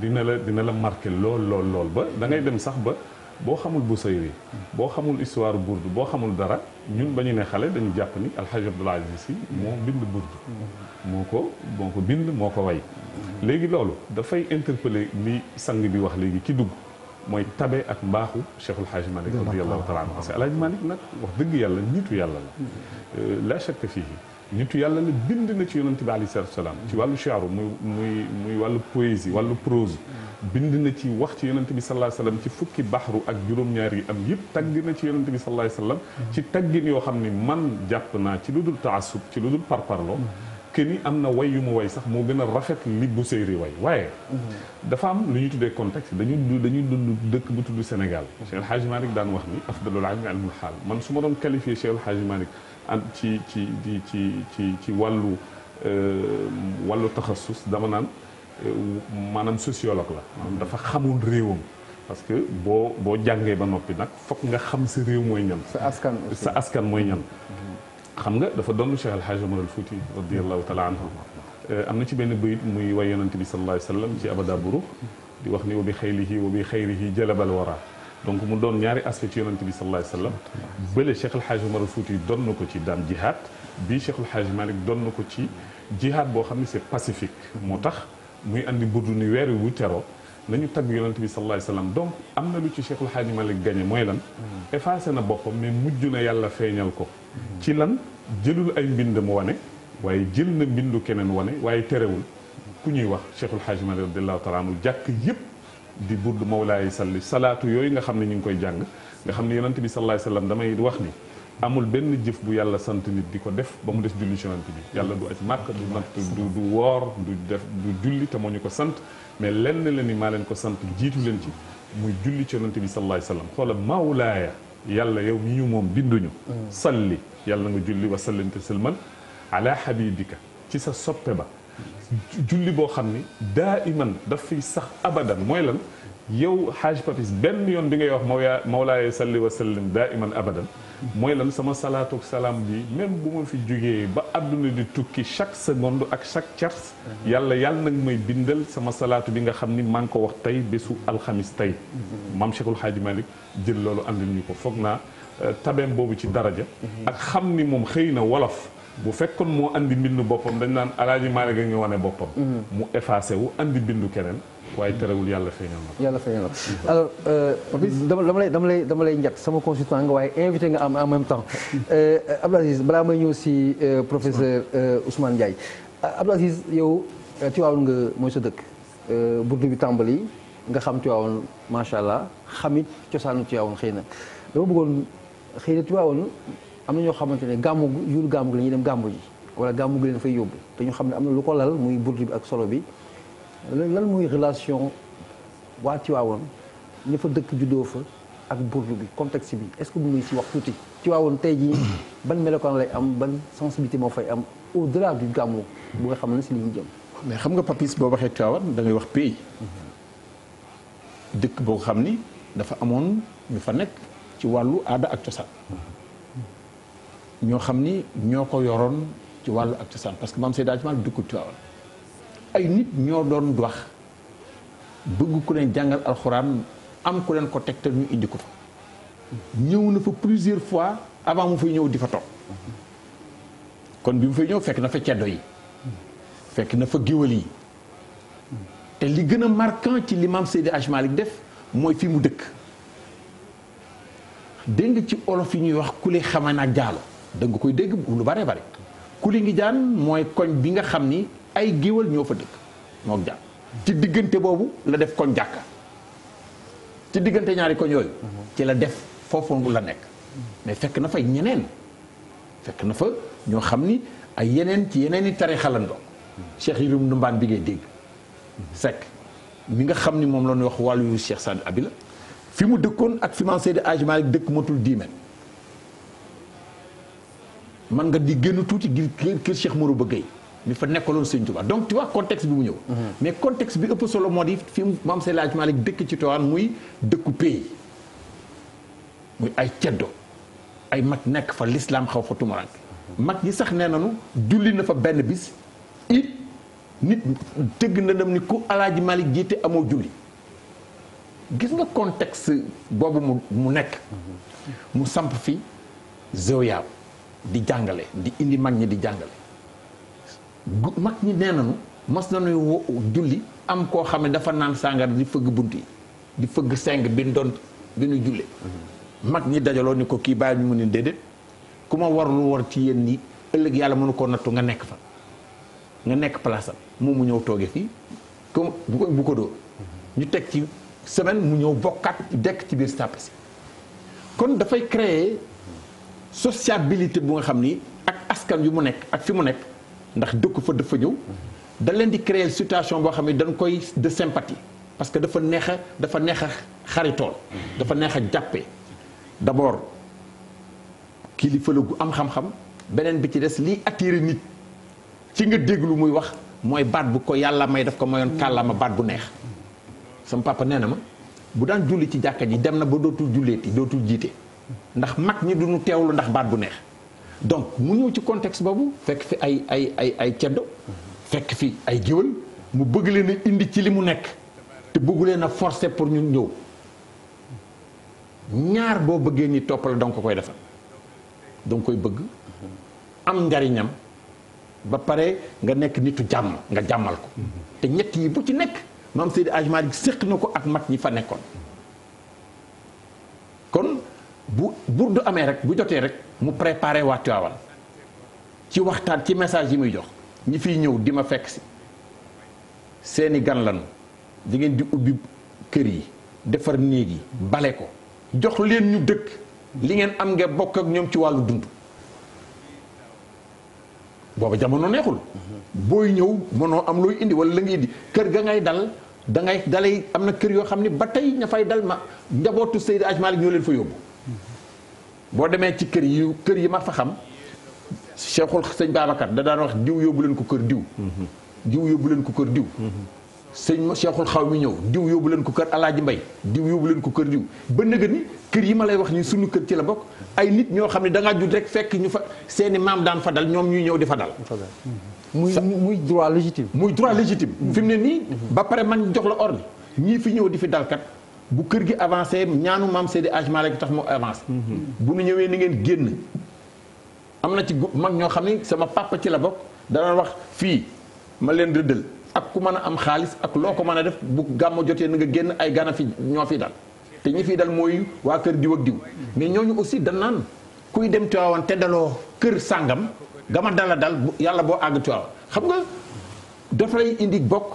dina la dina la marqué lool lool lool ba dangay dem sax ba boo xamul Busayri boo xamul histoire Bourd boo xamul dara ñun ba ñu ne xale dañu jàpp ni Alxaaji Abdul Aziz Si moo bind Bourd moo ko moo ko bind moo ko way léegi loolu dafay interpeller li sang bi wax léegi ki dugg mooy tabe ak mbaaxu Cheikhul Xaaji Malik radiyallahu taala anhu parce que Alxaaji Malik nag wax dëgg yàlla nitu yàlla la euh, la shakka fii nitu yàlla la bind na ci yonent bi alayhi salaatu salaam ci wàllu chiaru muy muy muy wàllu poésie wàllu prose bind na ci wax ci yonent bi sallallahu alayhi ci fukki baxru ak juróom-ñaar yi am yëpp tagg na ci yonent bi sallallahu alayhi wasallam ci taggin yoo xam ni man jàpp naa ci lu dul taasub ci lu dul parparloo que am na way yu mu way sax moo gën a rafet li Buseyri way waaye dafa am lu ñuy tuddee contexte dañu dañuy dund dëkk bu tudd Sénégal Cheikh El Hadj Malick daan wax ni afdalul ilmi ilmul haal man su ma doon qualifié Cheikh El Hadj Malick ak ci ci ci ci ci ci wàllu euh, wàllu taxasus dama naan euh, maanaam sociologue la dafa xamul réewam parce que boo boo jàngee ba noppi nag fokk nga xam sa réew mooy ñan sa askan sa askan mooy ñan mm-hmm. xam nga dafa doon Cheikh El Hadj Omar al Fouti radiallahu taala anhu euh, am na ci benn bayit muy way yonante bi sallallahu alayhi wa sallam ci abada buru di wax ni wa bi xayrihi wa bi xayrihi jalabal wara donc mu doon ñaari aspect ci yonante bi sallallahu alayhi wasallam bële Cheikh El Hadj Omar doon na ko ci daan jihad bii Cheikh El Hadj doon na ko ci jihad boo xam ne c'est pacifique moo tax muy andi buddu ni weer wu tero nañu tagg yonante bi sallallahu alayhi wasallam donc am na lu ci Cheikh El Hadj Malick mooy lan effacé na boppam mais mujj na yàlla feeñal ko ci lan jëlul ay mbind mu wane waaye jël na mbindu keneen wane waaye terewul ku ñuy wax Cheikh El Hadj Malick radiyallahu taala anhu jàkk yëpp di burdu mawlaay salli salaatu yooyu nga xam ne ñu ngi koy jàng nga xam ne yonent bi sallallahu alayhi wasallam damay wax ni amul benn jëf bu yàlla sant nit di ko def ba mu des julli ci yonent bi yàlla du aj màkk du natt du du woor du def du julli te moo ñu ko sant mais lenn la ni maa leen ko sant jiitu leen ci muy julli ci yonent bi sallallahu alayhi wasallam xoola mawlaaya yàlla yow mi ñu moom binduñu mm. salli yàlla nga julli wa sallim tasalman ala habibika ci sa soppe ba julli boo xam ni daa iman daf fiy sax abadan mooy lan yow xaaj papis benn yoon bi ngay wax moo mawlaaye salli wa sallim daa iman abadan mooy lan sama salaatu ak salaam bi même bu ma fi jógee ba àdduna di tukki chaque seconde ak chaque cars yàlla yàlla nag may bindal sama salaatu bi nga xam ni maa ngi ko wax tey bésu alxamis tey maam Cheikhul Xaaji Malick jël loolu àndil ñu ko foog naa euh, tabeem boobu ci daraja ak xam ni moom xëy na wolof bu fekkoon moo andi mbindu boppam dañ naan alaaji Maalik a ngi wane boppam. Mhm. mu effacé wu andi mbindu keneen. waaye terewul yàlla feeñal na. yàlla feeñal na alors. Euh, Papis dama dama lay dama dama lay njëkk sama consultant nga waaye invité nga am en même temps euh, Abdou Aziz balaa may ñëw si euh, professeur Ousmane Ndiaye Abdou Aziz yow Tiwaawoon nga mooy sa dëkk. burdu bi tàmbali nga xam Tiwaawoon macha allah xamit cosaanu Tiwaawoon xëy na dama bëggoon xëy na Tiwaawoon. am na ñoo xamante ne gàmmu jur gàmmu gi la ñuy dem gàmmu ji wala gàmmu gi leen fay yóbbu te ñu xam ne am na lu ko lal muy burdu bi ak solo bi lan muy relation waa Tiwaawoon ña fa dëkk juddoo fa ak burdu bi contexte bi est-ce que bu muy si wax tuuti Tiwaawoon tey jii ban melokaan lay am ban sensibilité moo fay am au-delà du gàmmu xam ne si li ñu mais xam nga papis boo waxee Tiwaawoon da ngay wax pays mm-hmm. dëkk boo xam ni dafa amoon ñu fa nekk ci wàllu aada ak cosaan ñoo xam ni ñoo ko yoroon ci wàllu ak cosaan parce que maam Seydi Hadji Malick dëkkul Tiwaawan ay nit ñoo doon wax bëgg ku leen jàngal alxuraan am ku leen ko tegtal ñu indi ko fa ñëw na fa plusieurs fois avant mu fay ñëw di fa toog kon bi mu fay ñëw fekk na fa ceddo yi fekk na fa géwël yi te li gën a marquant ci li maam Seydi Hadji Malick def mooy fii mu dëkk dégg nga ci olof yi ñuy wax ku le xaman jaalo da koy dégg lu bare bare jaan mooy koñ bi nga xam ni ay géwal ñoo fa dëkk moo jàpp ci diggante boobu la def koñ jàkka ci diggante ñaari koñ yooyu ci la def foofu la nekk mais fekk na fay ñeneen fekk na fa ñoo xam ni ay yeneen ci yeneen i tare xalandoo Cheikh Yirim Ndumbaan bi ngay dégg Seck mi nga xam ni moom la ñuy wax wàllu yu Cheikh Saad Abi fi mu dëkkoon ak financé de Hadj Malick dëkk matul dix man nga di génn tuuti gis kër Cheikh Mourou bëggee mi fa nekkaloon Sëñ Tuubaa donc tu vois bi mu ñëw. Mhm. mais contexte bi ëpp solo moo di fi mu Maam Seydi laaj Hadji Malick dëkk ci Tiwaawan muy dëkku pays muy ay ceddo ay mag nekk fa lislaam xaw fa tumuraanke mag ñi sax nee nañu julli na fa benn bis it nit tëgg na dem ni ku El Hadji Malick jiite amoo julli gis nga contexte boobu mu mu nekk mhm. mu samp fi Zoya. di jàngale di indi mag ñi di jàngale mag ñi nee nanu mas nañuy julli am koo xam ne dafa naan sàngara di fëgg bunt yi di fëgg seng bi ñu doon bi ñu julle mm-hmm. mag ñi dajaloo ni ko kii bàyyi ñu mu ne déedéet ku ma war lu war ci yéen ni ëllëg yàlla mënu koo nattu nga nekk fa nga nekk place moom mu ñëw tooge fii comme bu ko bu ko dóor mm-hmm. ñu teg ci semaine mu ñëw bokkaat dekk ci biir sàppe si kon dafay créer sociabilité bu nga xam ni ak askan yu mu nekk ak fi mu nekk ndax dëkk fa dafa ñëw da leen di créer situation boo xam ne dañ koy de sympathie parce que dafa neex a dafa neex a dafa neex a jàppee d'abord kilifa la gu am xam-xam beneen bi ci des liy attiré nit ci nga déglu muy wax mooy baat bu ko yàlla may daf ko mayoon kàllaama baat bu neex sama papa nee na ma bu daan julli ci jàkka ji dem na ba dootul julleeti dootul jiite ndax mag ñi duñu teewlu ndax baat bu neex donc mu ñëw ci contexte boobu fekk fi ay ay ay ay ceddo fekk fi ay géwël mu bëgg leen a indi ci li mu nekk te bëggu leen a forcer pour ñu ñëw ñaar boo bëggee ni toppal danga ko koy defal danga koy bëgg am njariñam ba pare nga nekk nitu jàmm nga jàmmal ko te ñett yi bu ci nekk maam Seydi Hadji Malick séq na ko ak mag ñi fa nekkoon bu buur burdu amee rek bu jotee rek mu prépare waa Tiwaawan ci waxtaan ci message yi muy jox ñi fiy ñëw di ma fekk si seeni gan lanu di di ubbi kër yi defar néeg yi bale ko jox leen ñu dëkk li ngeen am nga bokk ak ñoom ci wàllu dund booba jamono neexul booy ñëw noo am looy indi wala la nga indi kër ga ngay dal da ngay dalay am na kër yoo xam ne ba tey ña fay dal ma njabootu Seydi Aj Malik ñoo leen fa yóbbu boo demee ci kër yi kër yi ma fa xam Cheikhul sëñ Babacar da daan wax diw yóbbu leen ko kër diw diw yóbbu leen ko kër diw sëñ Cheikhul xaw mi ñëw diw yóbbu leen ko kër alaaji mbay diw yóbbu leen ko kër diw ba nëga ni kër yi ma lay wax nii suñu kër ci la bokk ay nit ñoo xam ne danga ngaa judd rek fekk ñu fa seeni maam daan fa dal ñoom ñuy ñëw di fa dal muy muy droit légitime muy droit légitime fi mu ne nii ba pare man jox la ordre ñii fi ñëw di fi dalkat bu kër gi avancé ñaanu maam Seydi Hadji Malick tax mu avancé. bu nu ñëwee ni ngeen génn am na ci mag ñoo xam ni sama papa ci la bokk dana wax fii ma leen rëddal ak ku mën a am xaalis ak loo ko mën a def bu gàmmu jotee na nga génn ay gana fi ñoo fi dal te ñi fi dal mooy waa kër diw ak diw mais ñu aussi dan naan kuy dem Tiwaawan te daloo kër sàngam gama dala dal yàlla boo àgg Tiwaawan xam nga dafay indi bokk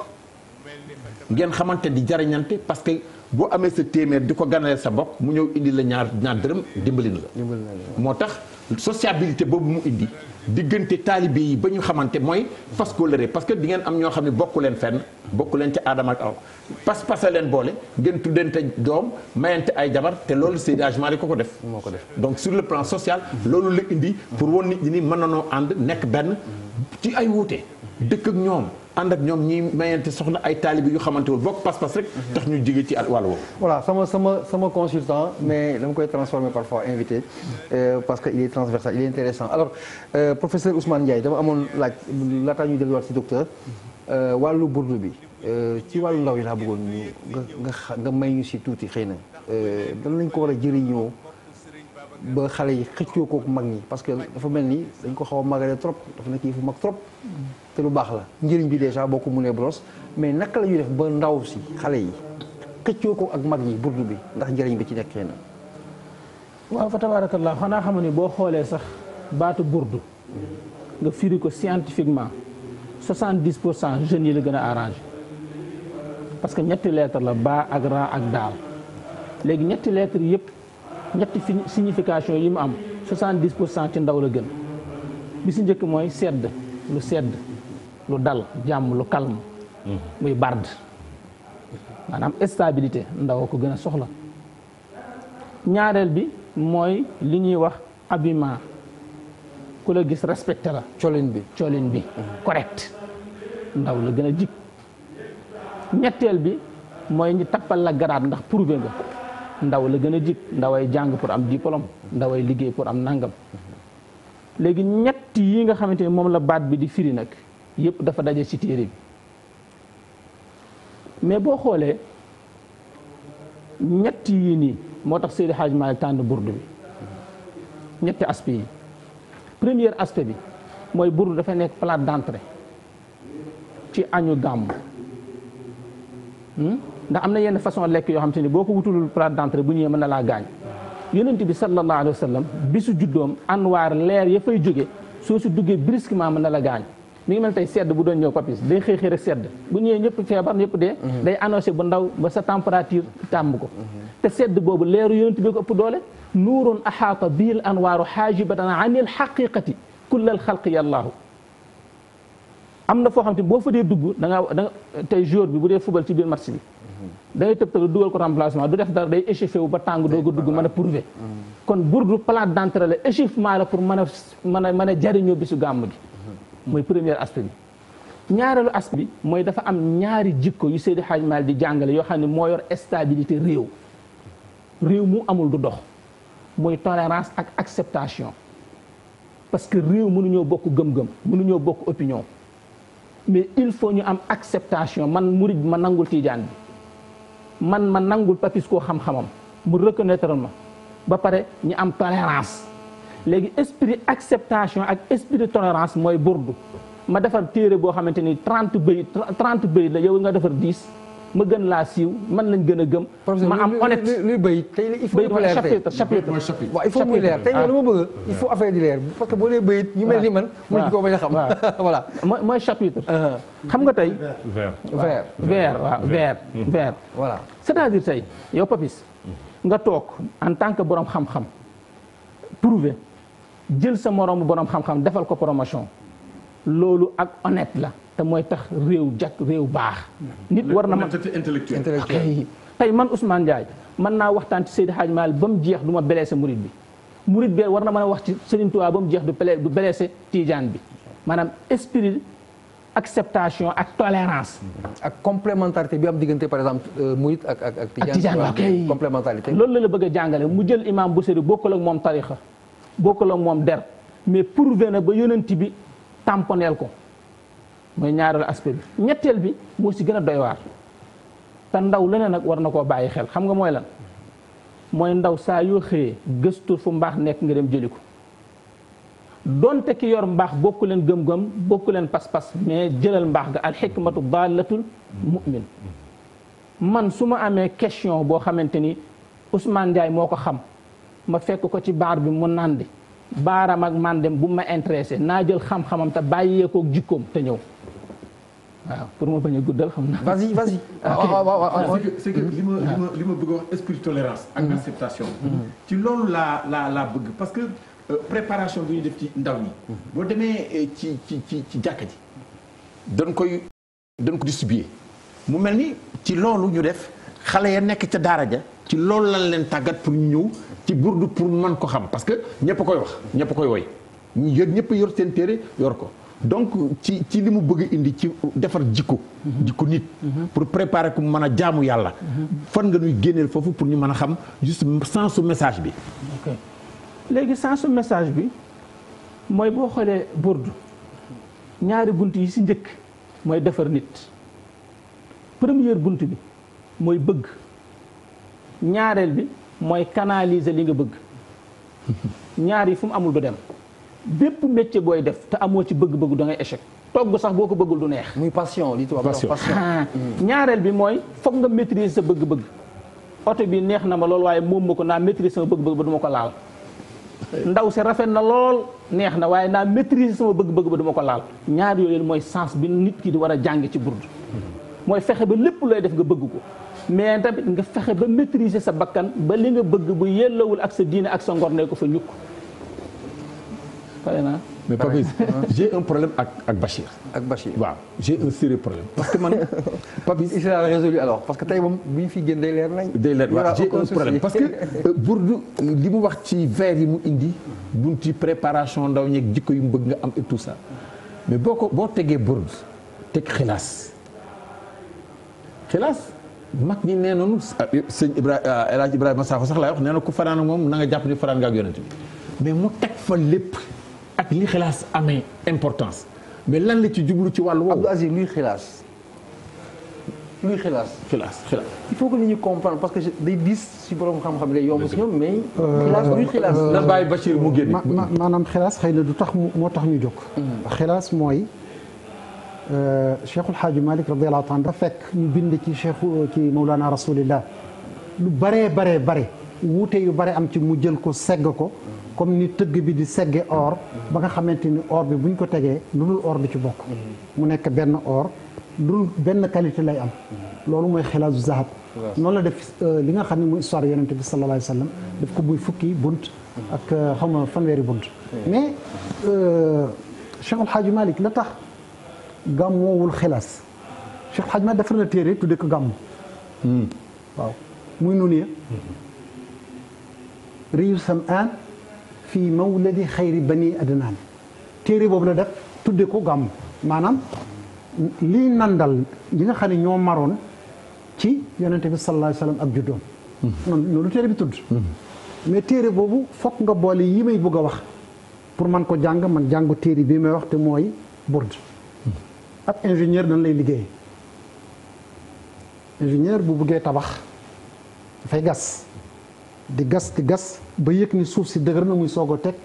ngeen xamante di jariñante parce boo amee sa téeméer di ko ganale sa mbokk mu ñëw indi la ñaar ñaar dërëm dimbali na la moo tax sociabilité boobu mu indi diggante taalibe yi ba ñu xamante mooy fas kóllëre parce que di ngeen am ñoo xam ne bokku leen fenn bokku leen ci aadama ak aw pas pasa leen boole ngeen tuddante doom mayante ay jabar te loolu Seydi Hadji Malick ko ko def moo ko def donc sur le plan social loolu la indi pour woon nit ñi ni mën nanoo ànd nekk benn ci ay wuute dëkk ak ñoom ànd ak ñoom ñi mayante soxna ay taalibi yu xamante wul bokk pas-pas rek. Mhm. tax ñu jige ci ak woowu. voilà sama sama sama consultant mais dama koy transformer parfois invité euh, parce que il est transversal il est intéressant alors euh, professeur Ousmane Ndiaye dama amoon laaj laataa ñu delluwaat si docteur euh, wàllu burdu bi ci wàllu ndaw yi laa bëggoon ñu nga nga may ñu si tuuti xëy na dan lañ ko war a jëriñoo ba xale yi xëccoo kook mag ñi parce que dafa mel ni dañ ko xaw a trop dafa nekk yëfu mag trop. te lu baax la njëriñ bi dèjà boo ko mënee brosse mais naka la ñuy def ba ndaw si xale yi xëccoo ko ak mag yi burdu bi ndax njëriñ bi ci nekkee na. waaw fa tabaarakallaa xanaa xam ne boo xoolee sax baatu burdu nga firi ko scientifiquement 70 pour cent jeunes yi la gën a arrangé parce que ñetti lettre la baa ak raa ak daal léegi ñetti lettre yëpp ñetti signification yi mu am 70 pour cent ci ndaw la gën bi si njëkk mooy sedd lu sedd. lu dal jàmm lu calme. Hmm. muy barde maanaam stabilité ndaw ko gën a soxla ñaareel bi mooy li ñuy wax habillement ku la gis respecté la colin bi colin bi hmm. correct ndaw la gën a jig ñetteel bi mooy ñu tappal la garaat ndax prouvé nga ndaw la gën a jig ndaway jàng pour am diplôme ndaway liggéey pour am nangam hmm. léegi ñett yi nga xamante moom la baat bi di firi nag yëpp dafa daje ci téere bi mais boo xoolee ñett yii nii moo tax Seydi Hadj Malick tànn burdu bi ñetti aspect yi premier aspect bi mooy burdu dafa nekk plat d'entrée ci añu gàmm hmm? ndax am na yenn façon lekk yoo xam te ni boo ko wutulul plat d'entrée bu ñëwee mën na laa gaañ yonent bi sallallahu alayhi wa sallam bisu juddoom anwaar leer ya ay jóge soo si duggee brusquement mën na la gaañ mi ngi mel tey sedd bu doon ñëw papis day xëy xëy rek sedd bu ñëwee ñëpp feebar ñëpp dee mhm. day annoncé bu ndaw ba sa température tàmb ko mhm. sedd boobu leeru yonent bi ko ëpp doole nuurun axaata biil anwaaru xaajibatan anil xaqiqati kullal xalqi yàllaahu am na foo xam te boo fa dee dugg da nga da bi bu dee fubal ci biir match bi mhm. da ngay tëb tëb ko remplacement du def dara day échauffé wu ba tàng doo ko dugg mën a prouvé kon burdu plate d'entrée la échauffement la pour mën a mën a mën a jariñoo bisu gàmm gi mooy premier aspect bi ñaareelu aspect bi mooy dafa am ñaari jikko yu Seydi Hadj Malick di jàngale yoo xam ne moo yor stabilité réew réew mu amul du dox mooy tolérance ak acceptation parce que réew mënuñoo bokk gëm-gëm mënuñoo bokk opinion mais il faut ñu am acceptation man murid ma nangul tiijaan bi man ma nangul papis koo xam-xamam mu reconnaître ma ba pare ñu am tolérance léegi esprit acceptation ak esprit de tolérance mooy burdu ma defar téere boo xamante ni trente bëy trente bëy la yow nga defar dix ma gën laa siiw man lañ gën a gëm. ma am honnête luy béy tey il faut mu leer chapitre chapitre waaw il faut muy leer tey lu ma ah. bëgg il faut affaire di leer boo dee béy ñu mel ni man. mooy mooy chapitre. Ah. xam nga tey. vers vers ver waaw vers vers. Hmm. c'est-à-dire tey yow Papis nga toog en tant que borom xam-xam prouvé. jël sa moroomu borom xam-xam defal ko promotion loolu ak honnête la te mooy tax réew jàkk réew baax. nit war na ma intellectuel tey man Ousmane Ndiaye mën naa waxtaan ci Seydi Hadj Malick ba mu jeex du ma blessé murid bi murid bi war na mën a wax ci Serigne Touba ba mu jeex du du blessé Tidiane bi maanaam esprit acceptation ak tolérance. ak complémentarité bi am diggante par exemple euh, murid ak ak ak. Tidiane waaw complémentarité. loolu la la bëgg a jàngale mu jël imam Boussiri bokkul ak moom tarixa bokkul ak moom der mais prouvé na ba yonent bi tamponeel ko mooy ñaareelu aspect bi ñetteel bi moo si gën a doy waar te ndaw leneen nag war na koo bàyyi xel xam nga mooy lan mooy ndaw saa yoo xëyee gëstu fu mbaax nekk nga dem jëli ko donte ki yor mbaax bokku leen gëm-gëm bokku leen pas-pas mais jëlal mbaax ga alxikmatu daalatul mu'min man su ma amee question boo xamante ni Ousmane Ndiaye moo ko xam ma fekk ko ci baar bi mu nandi baaram ak mandem bu ma intéressé naa jël xam-xamam te bàyyeekook jikkoom te ñëw waaw pour ma bañ a guddal xam naa. vas ah, ah, ah, li ma li ma a wax mm-hmm. Mm-hmm. ci loolu laa laa laa bëgg parce que euh, préparation bi ñu def ci ndaw ñi. Mm-hmm. boo demee euh, ci ci ci ci jàkka ji. dañ koy dañ ko distribuer mu mel ni ci loolu ñu def xale ya nekk ca daara ja ci loolu lañ leen tàggat pour ñu ñëw ci burdu pour man ko xam parce que ñëpp koy wax ñëpp koy woy ñu yéen ñëpp yor seen téere yor ko donc ci ci li mu bëgg indi ci defar jikko jikko nit mhm. pour préparer ku mën a jaamu yàlla mhm. fan nga ñuy génneel foofu pour ñu mën a xam juste sensu message bi léegi sensu message bi mooy boo xoolee burdu ñaari bunt yi si njëkk mooy defar nit première bunt bi mooy bëgg ñaareel bi mooy canaliser li nga bëgg ñaar yi fu mu amul du dem bépp métier booy def te amoo ci bëgg-bëgg da ngay échec togg sax boo ko bëggul du neex. muy passion li tubaab passion ah. mm. ñaareel bi mooy foog nga maîtriser sa bëgg-bëgg oto bi neex na ma lool waaye moom ma ko naa maîtriser sama bëgg-bëgg ba du ma ko laal. ndaw si rafet na lool neex na waaye naa maîtriser sama bëgg-bëgg ba duma ko laal ñaar yooyu mooy sens bi nit ki di war a jàng ci burd mm-hmm. mooy fexe ba lépp looy def nga bëgg ko. mais tamit nga fexe ba maîtriser sa bakkan ba li nga bëgg bu yellawul ak sa diine ak sa ngor ne ko fa ñukk pare naa mais Papis j'ai un problème ak ak Bachir. ak Bachir waaw j'ai un sérieux problème. parce que man Papis. il sera résolu que tey moom bu ñu fi génn day nañ. day leer waaw j'ai un que. Euh, Bourdieu li mu wax ci vers yi mu indi. buñ ci préparation ndaw ñeeg jikko yu mu bëgg nga am et tout ça. mais boo ko boo tegee Bourdieu teg xilaas xilaas. mag ñi nee noonu sëñ Ibrahima euh, El Hadj Ibrahima Sakho sax laay wax nee na ku fanaana moom na jàpp ni fanaan nga ak yonent bi mais mu teg fa lépp ak li xilaas amee importance mais lan la ci jublu ci wàllu woowu. Abdou Aziz luy xilaas luy xilaas. xilaas xilaas. il faut que nit ñi comprendre parce que day bis si borom xam-xam day yomb si ñoom mais. Euh, xilaas luy xilaas. na bàyyi Bachir mu génn. maanaam xilaas xëy na du tax moo tax ñu jóg. Mm-hmm. xilaas mooy. cheikhul xaaji malik radiallahu taala dafa fekk ñu bind ci cheikhu ci maulana rasulillah lu baree baree bare wuute yu bare am ci mu jël ko segg ko comme ni tëgg bi di segge or ba nga xamante ni or bi buñ ko tegee lu dul or bi ci bokk mu nekk benn or lu dul benn qualité lay am loolu mooy xilaasu zahab noonu la def euh, li nga xam ne mooy histoire yonente bi sallallahu alayhi wa sallam daf ko buy fukki bunt ak euh, xam ma fanweeri bunt mais euh, Cheikh El Hadj Malick la tax gàmmoowul xilaas Cheikh Xaj ma defar na téere tudde ko gàmm hmm. waaw muy nu niya hmm. riyu sam'aan fii mawladi xayri bani adnaan téere boobu la def tudde ko gàmm maanaam lii nandal ñi nga xam ne ñoo maroon ci yonente bi sallallahu alayhi wasallam ak juddoom hmm. noonu loolu téere bi tudd mais téere boobu fokk nga boole yi may bëgg a wax pour man ko jàng man jàngu téere bi may wax te mooy burd ab ingénieur dañ lay liggéey ingénieur bu buggee tabax dafay gas di gas di gas ba yëg ni suuf si dëgër na muy soog a teg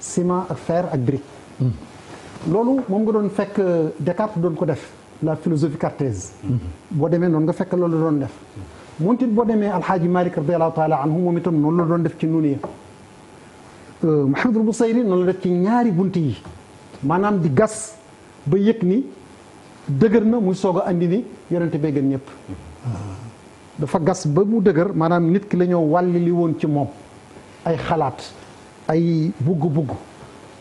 ciment ak fer ak brique. Hmm. loolu moom nga doon fekk euh, Descartes doon ko def la philosophie cartésienne. Hmm. boo demee noonu nga fekk loolu doon def. moontit boo demee alxaaji Malik radiallahu taala anhu moom itam noonu la doon def ci nuniya euh, Muhammadul Busayri noonu la def ci ñaari bunt yi maanaam di gas ba yëg ni. dëgër na muy soog a andi ni yonente bee gën ñëpp dafa gas ba mu dëgër maanaam nit ki la ñoo wàlli li woon ci moom ay xalaat ay bugg-bugg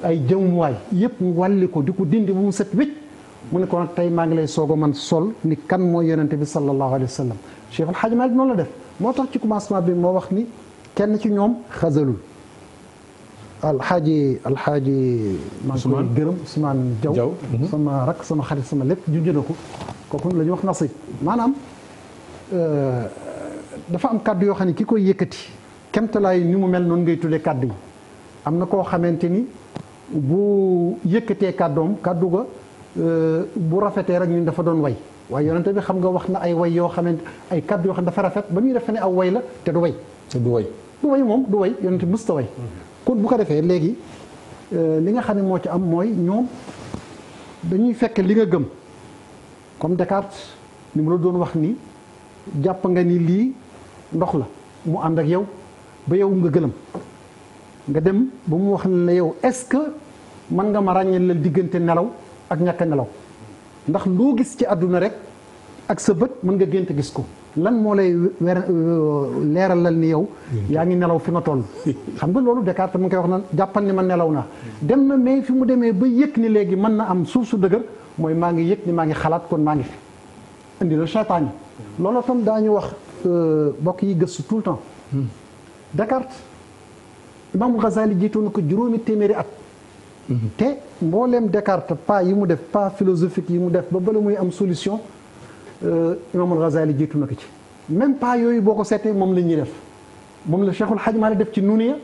ay jëmuwaay yëpp mu wàlli ko di ko dindi bu mu set wécc mu ne ko nag tey maa ngi lay soog a man sol ni kan moo yonente bi sallallahu alayhi wa sallam Cheikh Al Hadj la def moo tax ci commencement bi moo wax ni kenn ci ñoom xasalul alxaaji alxaaji. maa ngi koy gërëm Ousmane Diaw mm-hmm. sama rak sama xarit sama lépp junjee na ko kooku la ñuy wax nasib maanaam euh, dafa am kàddu yoo xam ne ki koy yëkkati kemtalaay ni mu mel noonu ngay tuddee kàddu yi am na koo xamante ni bu yëkkatee kàddoom kàddu ga euh, bu rafetee rek ñun dafa doon way waaye yonente bi xam nga wax na ay way yoo xamante ay kàddu yoo xam ne dafa rafet ba ñuy defe ne aw way la te du way. du way moom du way yonente bi way mm-hmm. kon bu ko defee léegi euh, li nga xam ne moo ci am mooy ñoom dañuy fekk li nga gëm comme decarte ni mu la doon wax ni jàpp nga ni lii ndox la mu ànd ak yow ba yow nga gëlëm nga dem ba mu wax ne yow est-ce que mën nga ma ràññeel diggante nelaw ak ñàkk nelaw ndax loo gis ci àdduna rek ak sa bët mën nga gént gis ko lan moo lay weer leeralal ni yow yaa ngi nelaw fi nga toll xam nga loolu Descartes mu ngi koy wax naan jàppal ni ma nelaw na dem na mais fi mu demee ba yëg ni léegi mën na am suuf su dëgër mooy maa ngi yëg ni maa ngi xalaat kon maa ngi fi indi la seytaane loolu daa ñu wax euh, bokk yi gëstu tout le temps Descartes Imam Ghazali jiitu na ko juróomi téeméeri at mhm. te mbooleem Descartes pas yi mu def pas philosophique yi mu def ba bala muy am solution Euh, imaamul Ghazali jiitu na ko ci même pas yooyu boo ko seetee moom la ñuy def moom la Cheikhul Hadj Malick def ci Nuuniya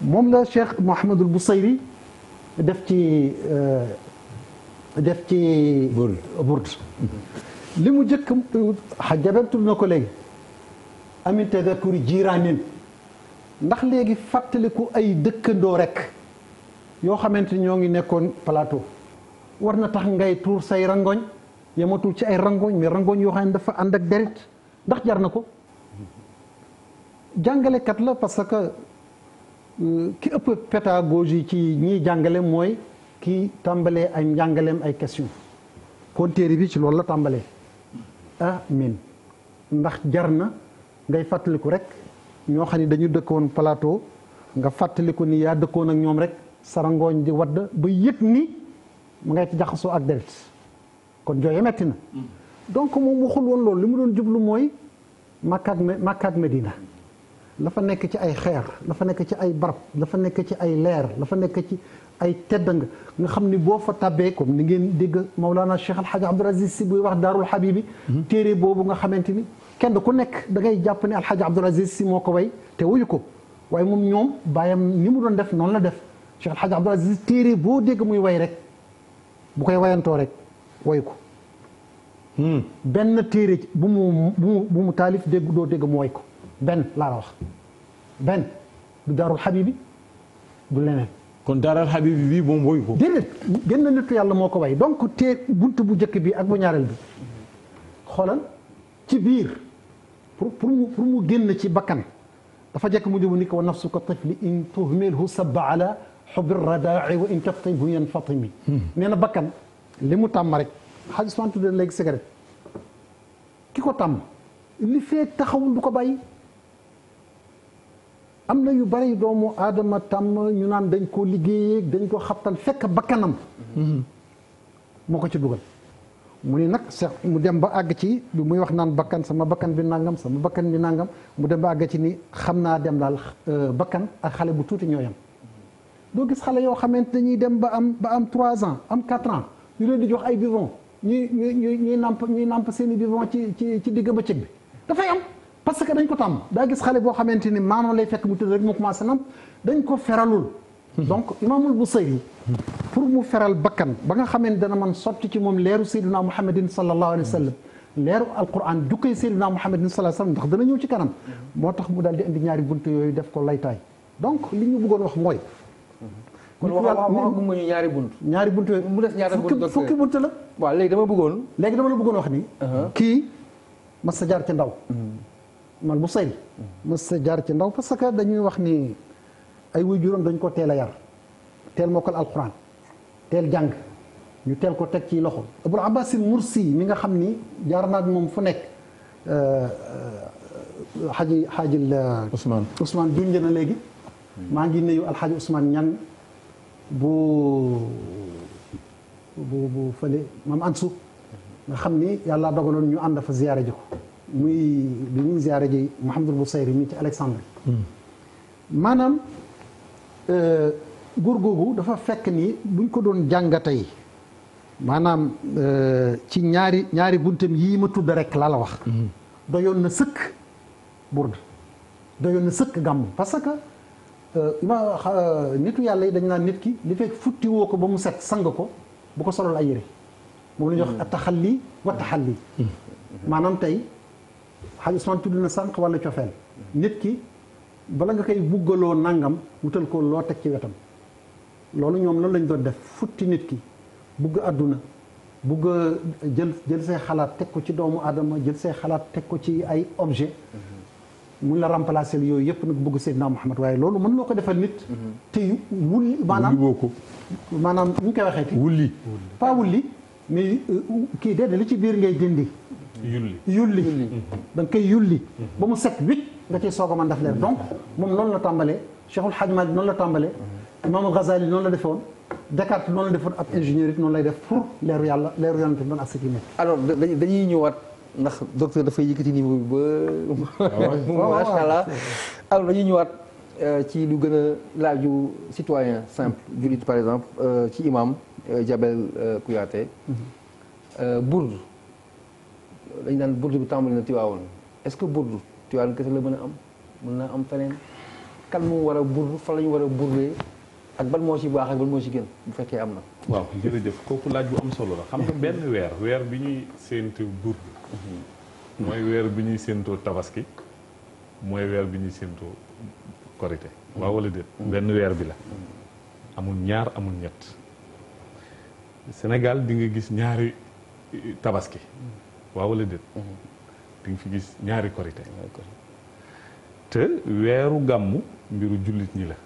moom la Cheikh Mouhamadul Bousayri def ci euh, def ci. Burd li mu njëkk xajabem tudd na ko léegi. amin tadakuri jiiraanin ndax léegi fàttaliku ay dëkkandoo rek yoo xamante ñoo ngi nekkoon plateau war na tax ngay tuur say rangoñ. yematul ci ay rangoñ mais rangoñ yoo xam ne dafa ànd ak deret ndax jar na ko jàngalekat la parce que euh, ki ëpp yi ci ñiy jàngale mooy ki tàmbalee ay njàngaleem ay question kon téere bi ci loolu la tàmbalee amin ndax jar na ngay fàttaliku rek ñoo xam ne dañu dëkkoon palaatoo nga fàttaliku ni yaa dëkkoon ak ñoom rek sarangooñ di wadd ba yëg ni mu ngay ci jaxasoo ak deret kon jooy metti na donc moom waxul woon loolu li mu doon jublu mooy makkaat makkaat medina la fa nekk ci ay xeer la fa nekk ci ay barab la fa nekk ci ay leer la fa nekk ci ay tedd nga xam ni boo fa tabbee comme ni ngeen dégg Maulana Cheikh Al Hadj Abdoul Aziz si buy wax Daarul Habibi hmm. téere boobu nga xamante ni kenn ku nekk da jàpp ne Al Hadj Abdoul Aziz si moo ko way te wuyu ko waaye moom ñoom baayam ni mu doon def noonu la def Cheikh Al Hadj Aziz téere boo dégg muy way rek bu koy wayantoo rek. woy ko hmm. benn téere bu mu bu mu taalif dégg doo dégg mu woy ko benn laa la wax benn du daarul xabibi du leneen kon daaral xabibi bii moom woy ko déedéet génn nitu yàlla moo ko way donc téer bunt bu njëkk bi ak bu ñaareel bi xoolal ci biir pour pour mu pour mu génn ci bakkan dafa jekk mu jëbu ni ko wa nafsu ka tifli in tuhmilhu saba ala xubi radaai wa in taftimhu yanfatimi hmm. nee na bakkan li mu tàmm rek xaj Ousmane Touré léegi cigarette ki ko tàmm li fee taxawul du ko bay am na yu bari doomu aadama tàmm ñu naan dañ koo liggéeyee dañ koo xabtal fekk bakkanam moo ko ci dugal mu ni nag sax mu dem ba àgg ci bi muy wax naan bakkan sama bakkan bi nangam sama bakkan bi nangam mu dem ba àgg ci ni xam naa dem daal euh, bakkan ak xale bu tuuti ñooyam doo gis xale yoo xamante dañuy dem ba am ba am trois ans am quatre ans ñu leen di jox ay bivon ñuy ñuy ñuy ñuy namp ñuy namp seen i ci ci ci digg bëccëg bi dafay am parce que dañ ko tam daa gis xale boo xamante ni maanaam lay fekk mu tëdd rek mu commencé namp dañ ko feralul donc imaamul Busayri pour mu feral bakkan ba nga xamee ne dana man sotti ci moom leeru sayduna muhammadin sallallahu alayhi wa sallam leeru alquran jukkay sayduna muhammadin sallallahu alayhi wa sallam ndax dana ñëw ci kanam moo tax mu daal di indi ñaari bunt yooyu def ko laytaay donc li ñu bëggoon wax mooy kon waxuma ñu ñaari bunt ñaari bunt mu des ñaari bunt fukki bunt la waa léegi dama bëggoon léegi dama la bëggoon wax ni uh-huh. kii mas jaar ci ndaw mm-hmm. man bu sëy mm-hmm. mas jaar ci ndaw parce que dañuy wax ni ay waajuram dañ ko teel a yar teel mokkal alxuraan teel jàng ñu teel ko teg ci loxo abul abbasil mursi mi nga xam ni jaar naa moom fu nekk xaji euh, euh, xaajil euh, Ousmane Ousmane junj na léegi mm-hmm. maa ngi nuyu alxaaji Ousmane ñan bu bu bu fële maam Ansu nga xam ni yàlla dogaloon ñu ànd fa ziyaare ji ko muy li ñuy ziyaare ji Mouhamadul Bousayri mi ci Alexandrie hmm. maanaam euh, góor googu dafa fekk ni buñ ko doon jàngatay maanaam euh, ci ñaari ñaari buntam yii ma tudd rek laa la wax hmm. doyoon na sëkk burd doyoon na sëkk gàmm parce Euh, ma nitu yàlla yi dañu naan nit ki li fekk futti woo ko ba mu set sang ko bu ko solol ay yére moom la ñuy wax hmm. taxalli wa taxalli hmm. maanaam tey xaj Ousmane tudd na sànq wala cofeel nit ki bala nga koy buggaloo nangam wutal ko loo teg ci wetam loolu ñoom loolu lañ doon def futti nit ki bugg àdduna bugg jël jël say xalaat teg ko ci doomu aadama jël say xalaat teg ko ci ay objet hmm. mun la remplacer yooyu yëpp nag bëgg Seydina Muhammad waaye loolu mën loo ko defal nit. Mhm. te wulli maanaam wulli ko. maanaam ñu koy waxee. wulli pas wulli mais euh, kii déedéet li ci biir ngay dindi. yulli yulli da nga koy yulli. ba mu set wicc nga ciy soog a mën def leer donc moom loolu la tàmbalee Cheikhul Hadj Malick noonu la tàmbalee. Mhm. Imaamul Ghazali noonu la defoon. Descartes noonu la defoon ab ingénieur it noonu lay def pour leeru yàlla leeru yonent bi doon ak ce qui alors dañuy ñëwaat. ndax docteur dafay yëkkati niveau bi ba. waaw ah macha allah ah alors dañuy ñëwaat euh, ci lu gën a laaju citoyen simple jullit par exemple euh, ci imaam euh, Jabel Kouyaté. Mm-hmm. burdu dañu naan burdu bi tàmbali na Tiwaawoon est-ce que burdu Tiwaawoon kese la mën a am mën naa am feneen kan mu war a burdu fan la ñu war a burdee. ak ban moo si baax ak ban moo ci gën bu fekkee am na. waaw jërëjëf kooku laaj bu am solo la. xam nga benn weer weer bi ñuy séentu bur mhm. mooy weer bi ñuy séentoo tabaski mooy weer bi ñuy séentoo korite. waaw wala déet. Mhm. weer bi la. Mhm. amul ñaar amul ñett. Sénégal di nga gis ñaari e, e, tabaski. waaw wala déet. di nga fi gis ñaari korite. te weeru gàmmu mbiru jullit ñi la.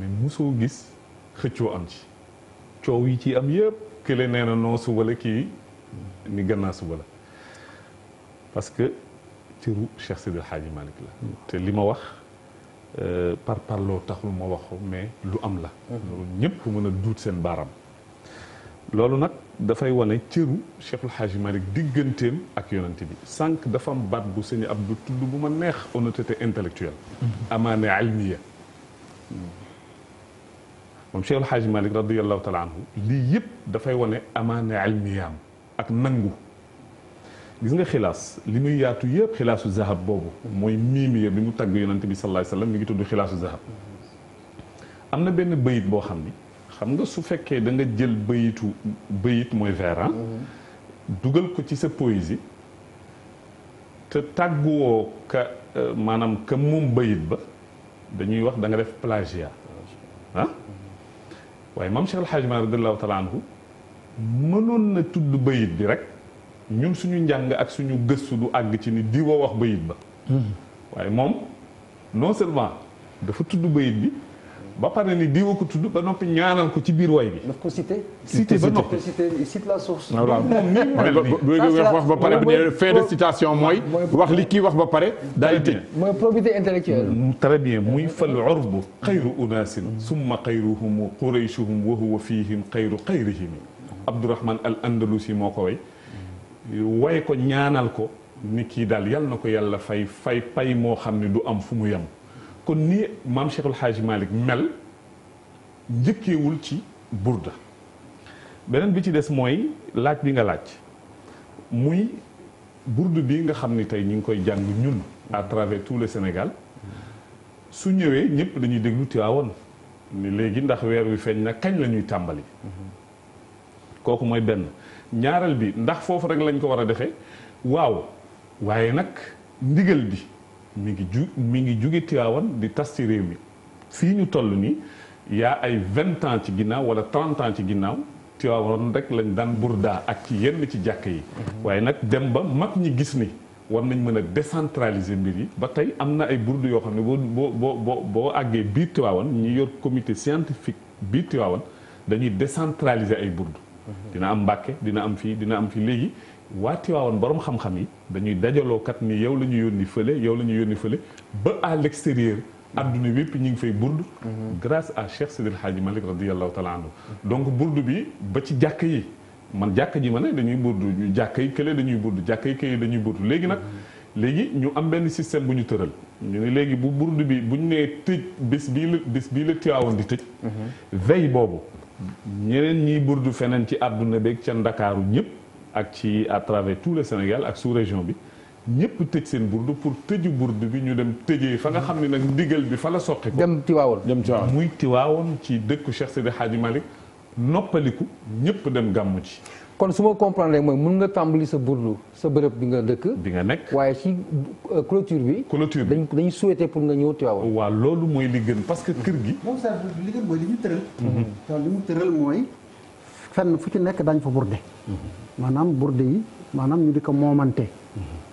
mais mosoo gis xëccoo am ci coow yi ci am yëpp kële nee na non suba la kii ni gannaa suba la parce que cëru Cheikh Seydi El Hadji Malick la te li ma wax euh, par parloo taxul ma wax mais lu am la loolu ñëpp mën a duut seen baaram loolu nag dafay wane cëru Cheikh El Hadji Malick digganteem ak yonent bi sànq dafa am baat bu sëñ Abdou tudd bu ma neex honnêteté intellectuelle mm-hmm. amaane almiya moom Cheikh El Hadj Malick radiyallahu taala anhu lii yëpp dafay wane amaana ilmiyaam ak nangu gis nga xilaas li muy yaatu yëpp xilaasu zahab boobu mooy miimiya bi mu tagg yonent bi sallallahu alayhi wasallam mi ngi tudd xilaasu zahab am na benn bayit boo xam ni xam nga su fekkee da nga jël bayitu bayit mooy vers ah, dugal ko ci sa poésie te tàgguwoo ka maanaam ka moom bayit ba dañuy wax da nga def plagia ah? waaye maam Cheikh El Hadj Malick radiyallahu taala anhu mënoon na tudd bayit bi rek ñun suñu njàng ak suñu gëstu du àgg ci ni di woo wax bayit ba hmm. waaye moom non seulement dafa tudd bayit bi ba pare ni diwa ko tudd ba noppi ñaanal ko ci biir way bi. daf ko cité. cité ba noppi cité cite la source. voilà wax ba pare fait de citation mooy. wax li kii wax ba pare. daal di tëj mooy probité intellectuelle. Mm, très bien muy fal urbu xayru unaasin summa xayruhum quraychuhum wa huwa fiihim xayru xayrihim Abdourahman al Andalusi moo ko way way ko ñaanal ko ni kii daal yal na ko yàlla fay fay pay moo xam ne du am fu mu yem. kon ni maam Cheikh El Hadj mel njëkkeewul ci burda beneen bi ci des mooy laaj bi nga laaj muy burda bi nga xam ni tey ñu ngi koy jàng ñun à travers tout le Sénégal su ñëwee ñëpp dañuy déglu Tiwaawoon ni léegi ndax weer wi feeñ na kañ lañuy tàmbali kooku mooy benn ñaareel bi ndax foofu rekk lañ ko war a defee waaw waaye nag ndigal bi mi ngi ju mi ngi juge Tiwaawan di tas ci réew mi fii ñu toll nii yaa ay vingt ans ci ginnaaw wala trente ans ci ginnaaw Tiwaawan rek lañ daan burdaa ak ci yenn ci jàkk yi mhm. waaye nag dem ba mag ñi gis ni war nañ mën a décentraliser mbir yi ba tey am na ay burdu yoo xam ne boo boo boo boo àggee biir Tiwaawan ñi yor comité scientifique biir Tiwaawan dañuy décentraliser ay burdu mhm. dina am Mbàkke dina am fii dina am fii léegi waa Tiwaawan borom xam-xam yi dañuy dajaloo kat ni yow la ñu yónni fële yow la ñu yónni fële ba à l'extérieur adduna wépp ñu ngi fay burdu mm-hmm. grace à Cheikh Sidil Hadji Malick radiallahu taala anhu donc burdu bi ba ci jàkk yi man jàkk ji ma ne dañuy burdu ñu jàkk yi kële dañuy burdu jàkk yi kële dañuy burdu léegi nag mm-hmm. léegi ñu am benn système bu ñu tëral ñu ne léegi bu burdu bi bu ñu nee tëj bis bii la bés bii la Tiwaawan di tëj mm-hmm. veille boobu ñeneen ñiy burdu feneen ci adduna beeg ca Ndakaaru ñëpp ak ci à travers tout le Sénégal ak sous région bi ñëpp tëj seen burdu pour tëju burdu bi ñu dem tëjee fa nga xam ne nag ndigal bi fa la soqi ko dem Tiwaawoon dem Tiwaawoon muy Tiwaawoon ci dëkku Cheikh Seydi Hadji Malick noppaliku ñëpp dem gàmmu ci kon su ma comprendre rek mooy mun nga tàmbali sa burdu sa bërëb bi nga dëkk bi nga nekk waaye ci euh, clôture bi clôture bi dañu souhaité pour nga ñëw Tiwaawoon waaw loolu mooy li gën parce que kër gi moom sa li gën mooy li ñu tëral mhm. li mu ci nekk dañ fa maanaam burde yi maanaam ñu di ko moomante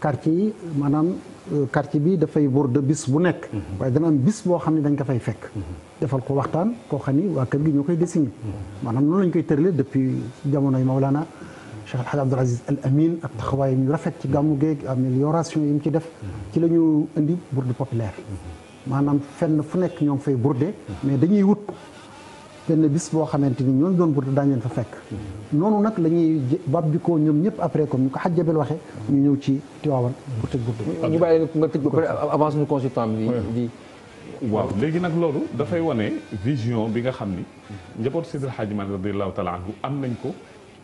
quartier yi maanaam euh, quartier bi dafay burde bis bu nekk mhm. waaye dana am bis boo xam ne dañ ko fay fekk mhm. defal ko waxtaan koo xam ni waa kër gi ñoo koy désigné mhm. maanaam noonu lañ koy tëralee depuis jamonoy Maulana Cheikh Al Hadj Abdoul Aziz Al Amin ak taxawaay ñu rafet ci gàmmu géeg amélioration yi mu ci def ci la ñu indi burde populaire maanaam fenn fu nekk ñoo ngi fay burde mais dañuy wut benn bis boo xamante ni ñooñu doon burtu daañu leen fa fekk noonu nag la ñuy bab bi ko ñoom ñëpp après comme ñu ko xajjabel waxee ñu ñëw ci Tiwaawan pour tëj burtu ñu bàyyi nga tëj ba pare avance ñu consultant bi di waaw léegi nag loolu dafay wane vision bi nga xam ni njaboot Seydil Hadji Malick radiyallahu taala anhu am nañ ko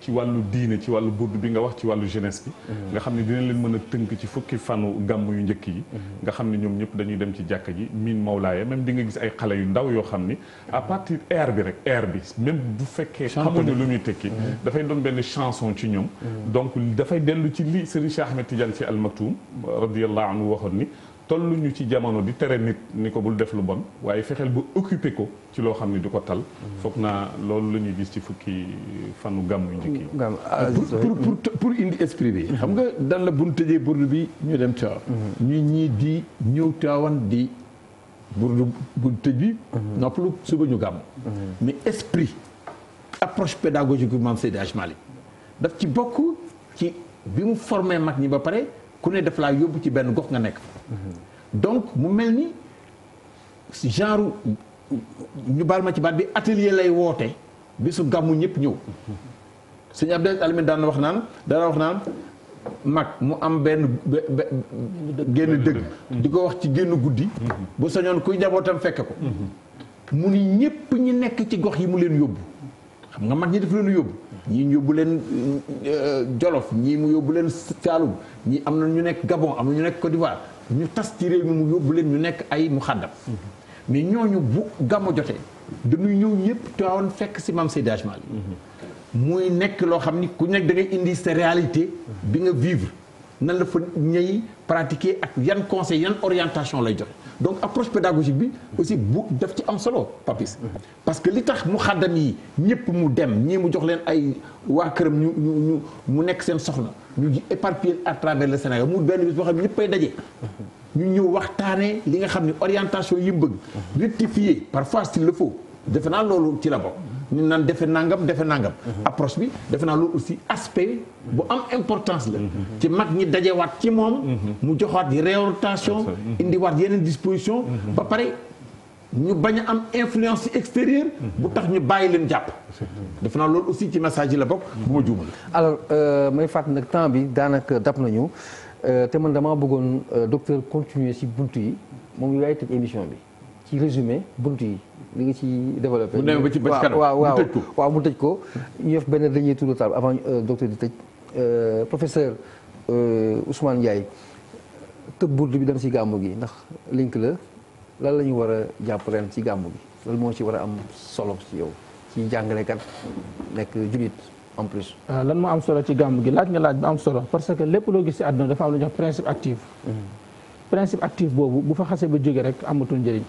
ci wàllu diine ci wàllu budd bi nga wax ci wàllu jeunesse bi mhm. nga xam ne dina leen mën a tënk ci fukki fanu gàmm yu njëkk yi mhm. nga xam ne ñoom ñëpp dañuy dem ci jàkka ji miin mawlaaya même di nga gis ay xale yu ndaw yoo xam ni à mhm. partir air bi rek air bi même bu fekkee xamuñu lu muy tekki dafay doon benn chanson ci ñoom donc dafay dellu ci li Serigne Cheikh Ahmed Tidiane ci Al Maktoum radiyallahu anhu waxoon ni ñu ci jamono di tere nit ni ko bul def lu bon waaye fexeel ba occuper ko ci loo xam ne du ko tal. foog naa loolu la ñuy gis ci fukki fanu gàmm yu ah, euh, pour indi esprit bi. xam nga dal la bu ñu tëjee burdu bi ñu dem Tiwaawan. ñu mhm. ñii di ñëw Tiwaawan di burdu bu tëj bi. Mhm. noppalu suba ñu gàmm. Mhm. mais esprit approche pédagogique bi maam Seydi Hadj daf ci bokk ci bi mu formé mag ñi ba pare. ku ne def laa yóbbu ci benn gox nga nekk donc mu mel ni genre ñu baal ma ci baat bi atelier lay woote bisu gàmmu ñëpp ñëw sëñ Abdel Alamine daan wax naan daan wax naan mag mu am benn génn dëgg di ko wax ci génn guddi bu sañoon kuy njabootam fekk ko mhm. mu ni ñëpp ñi nekk ci gox yi mu leen yóbbu xam nga mag ñi def leen yóbbu ñii yóbbu leen euh, Jolof ñii mu yóbbu leen Saalum ñii am na ñu nekk Gabon am na ñu nekk Côte d'Ivoire ñu tas ci réew mi mu yóbbu leen ñu nekk ay mu xaddam mais ñooñu bu gàmmu jotee dañuy ñëw ñëpp Tiwaawan fekk si Maam Seydi Hadji Malick mm-hmm. muy nekk loo xam ni ku nekk da ngay indi sa réalité bi nga vivre nan la fa ñay pratiquer ak yan conseil yan orientation lay joxe donc approche pédagogique bi aussi bu def ci am solo papis parce que li tax mu xaddam yi ñëpp mu dem ñii mu jox leen ay waa këram ñu ñu ñu mu nekk seen soxna ñu éparpillé à travers le Sénégal mu benn bis boo xam ne ñëppay daje ñu ñëw waxtaanee li nga xam ne orientation yi mu bëgg rectifier parfois si la faut defe naa loolu ci la bokk ñu naan defe nangam defe nangam. approche bi defe naa loolu aussi aspect bu am importance la. ci mag ñi dajewaat ci moom. mu joxaat réorientation. indiwaat yeneen disposition ba pare ñu bañ a am influence extérieure. bu tax ñu bàyyi leen jàpp. def naa loolu aussi ci message yi la bokk. bu ma juumal alors euh, may fàtt nag temps bi daanaka dab nañu euh, te man damaa bëggoon euh, docteur continuer si bunt yi moom yaay tëj émission bi ci résumé buntu yi. li nga ci développé. ci ba waaw waaw waaw mu tëj ko. ñu def benn dañuy tour de table avant euh, docteur di tëj euh, professeur euh, Ousmane Ndiaye tëb burdu bi dem si gàmmu gi ndax link la lan la ñu war a jàpp ren ci gàmmu gi lan moo ci war a am solo si yow ci jàngalekat nekk julit en plus. waaw lan moo am solo ci gàmmu gi laaj nga laaj ba am solo parce que lépp loo gis si àdduna dafa am lu ñuy wax principe actif. Mm. principe active boobu bu fa xasee ba jóge rek amatul njëriñ.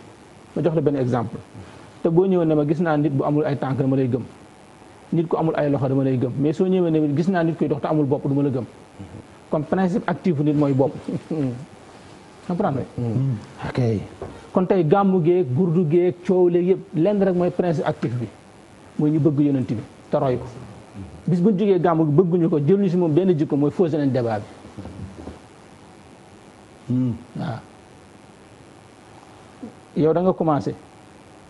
ma jox la benn exemple te boo ñëwee ne ma gis naa nit bu amul ay tànk dama lay gëm nit ko amul ay loxo dama lay gëm mais soo ñëwee ne gis naa nit koy dox te amul bopp duma la gëm kon principe actif nit mooy bopp comprendre hmm. Hmm. ok kon tey gàmmu geeg gurdu geeg coow léegi yëpp lenn rek mooy principe actif bi mooy ñu bëgg yonent bi te roy ko bis bu ñu jógee gàmmu gi bëgguñu ko jëluñu si moom benn jikko mooy fausé nañ débat bi hmm. yow da nga commencé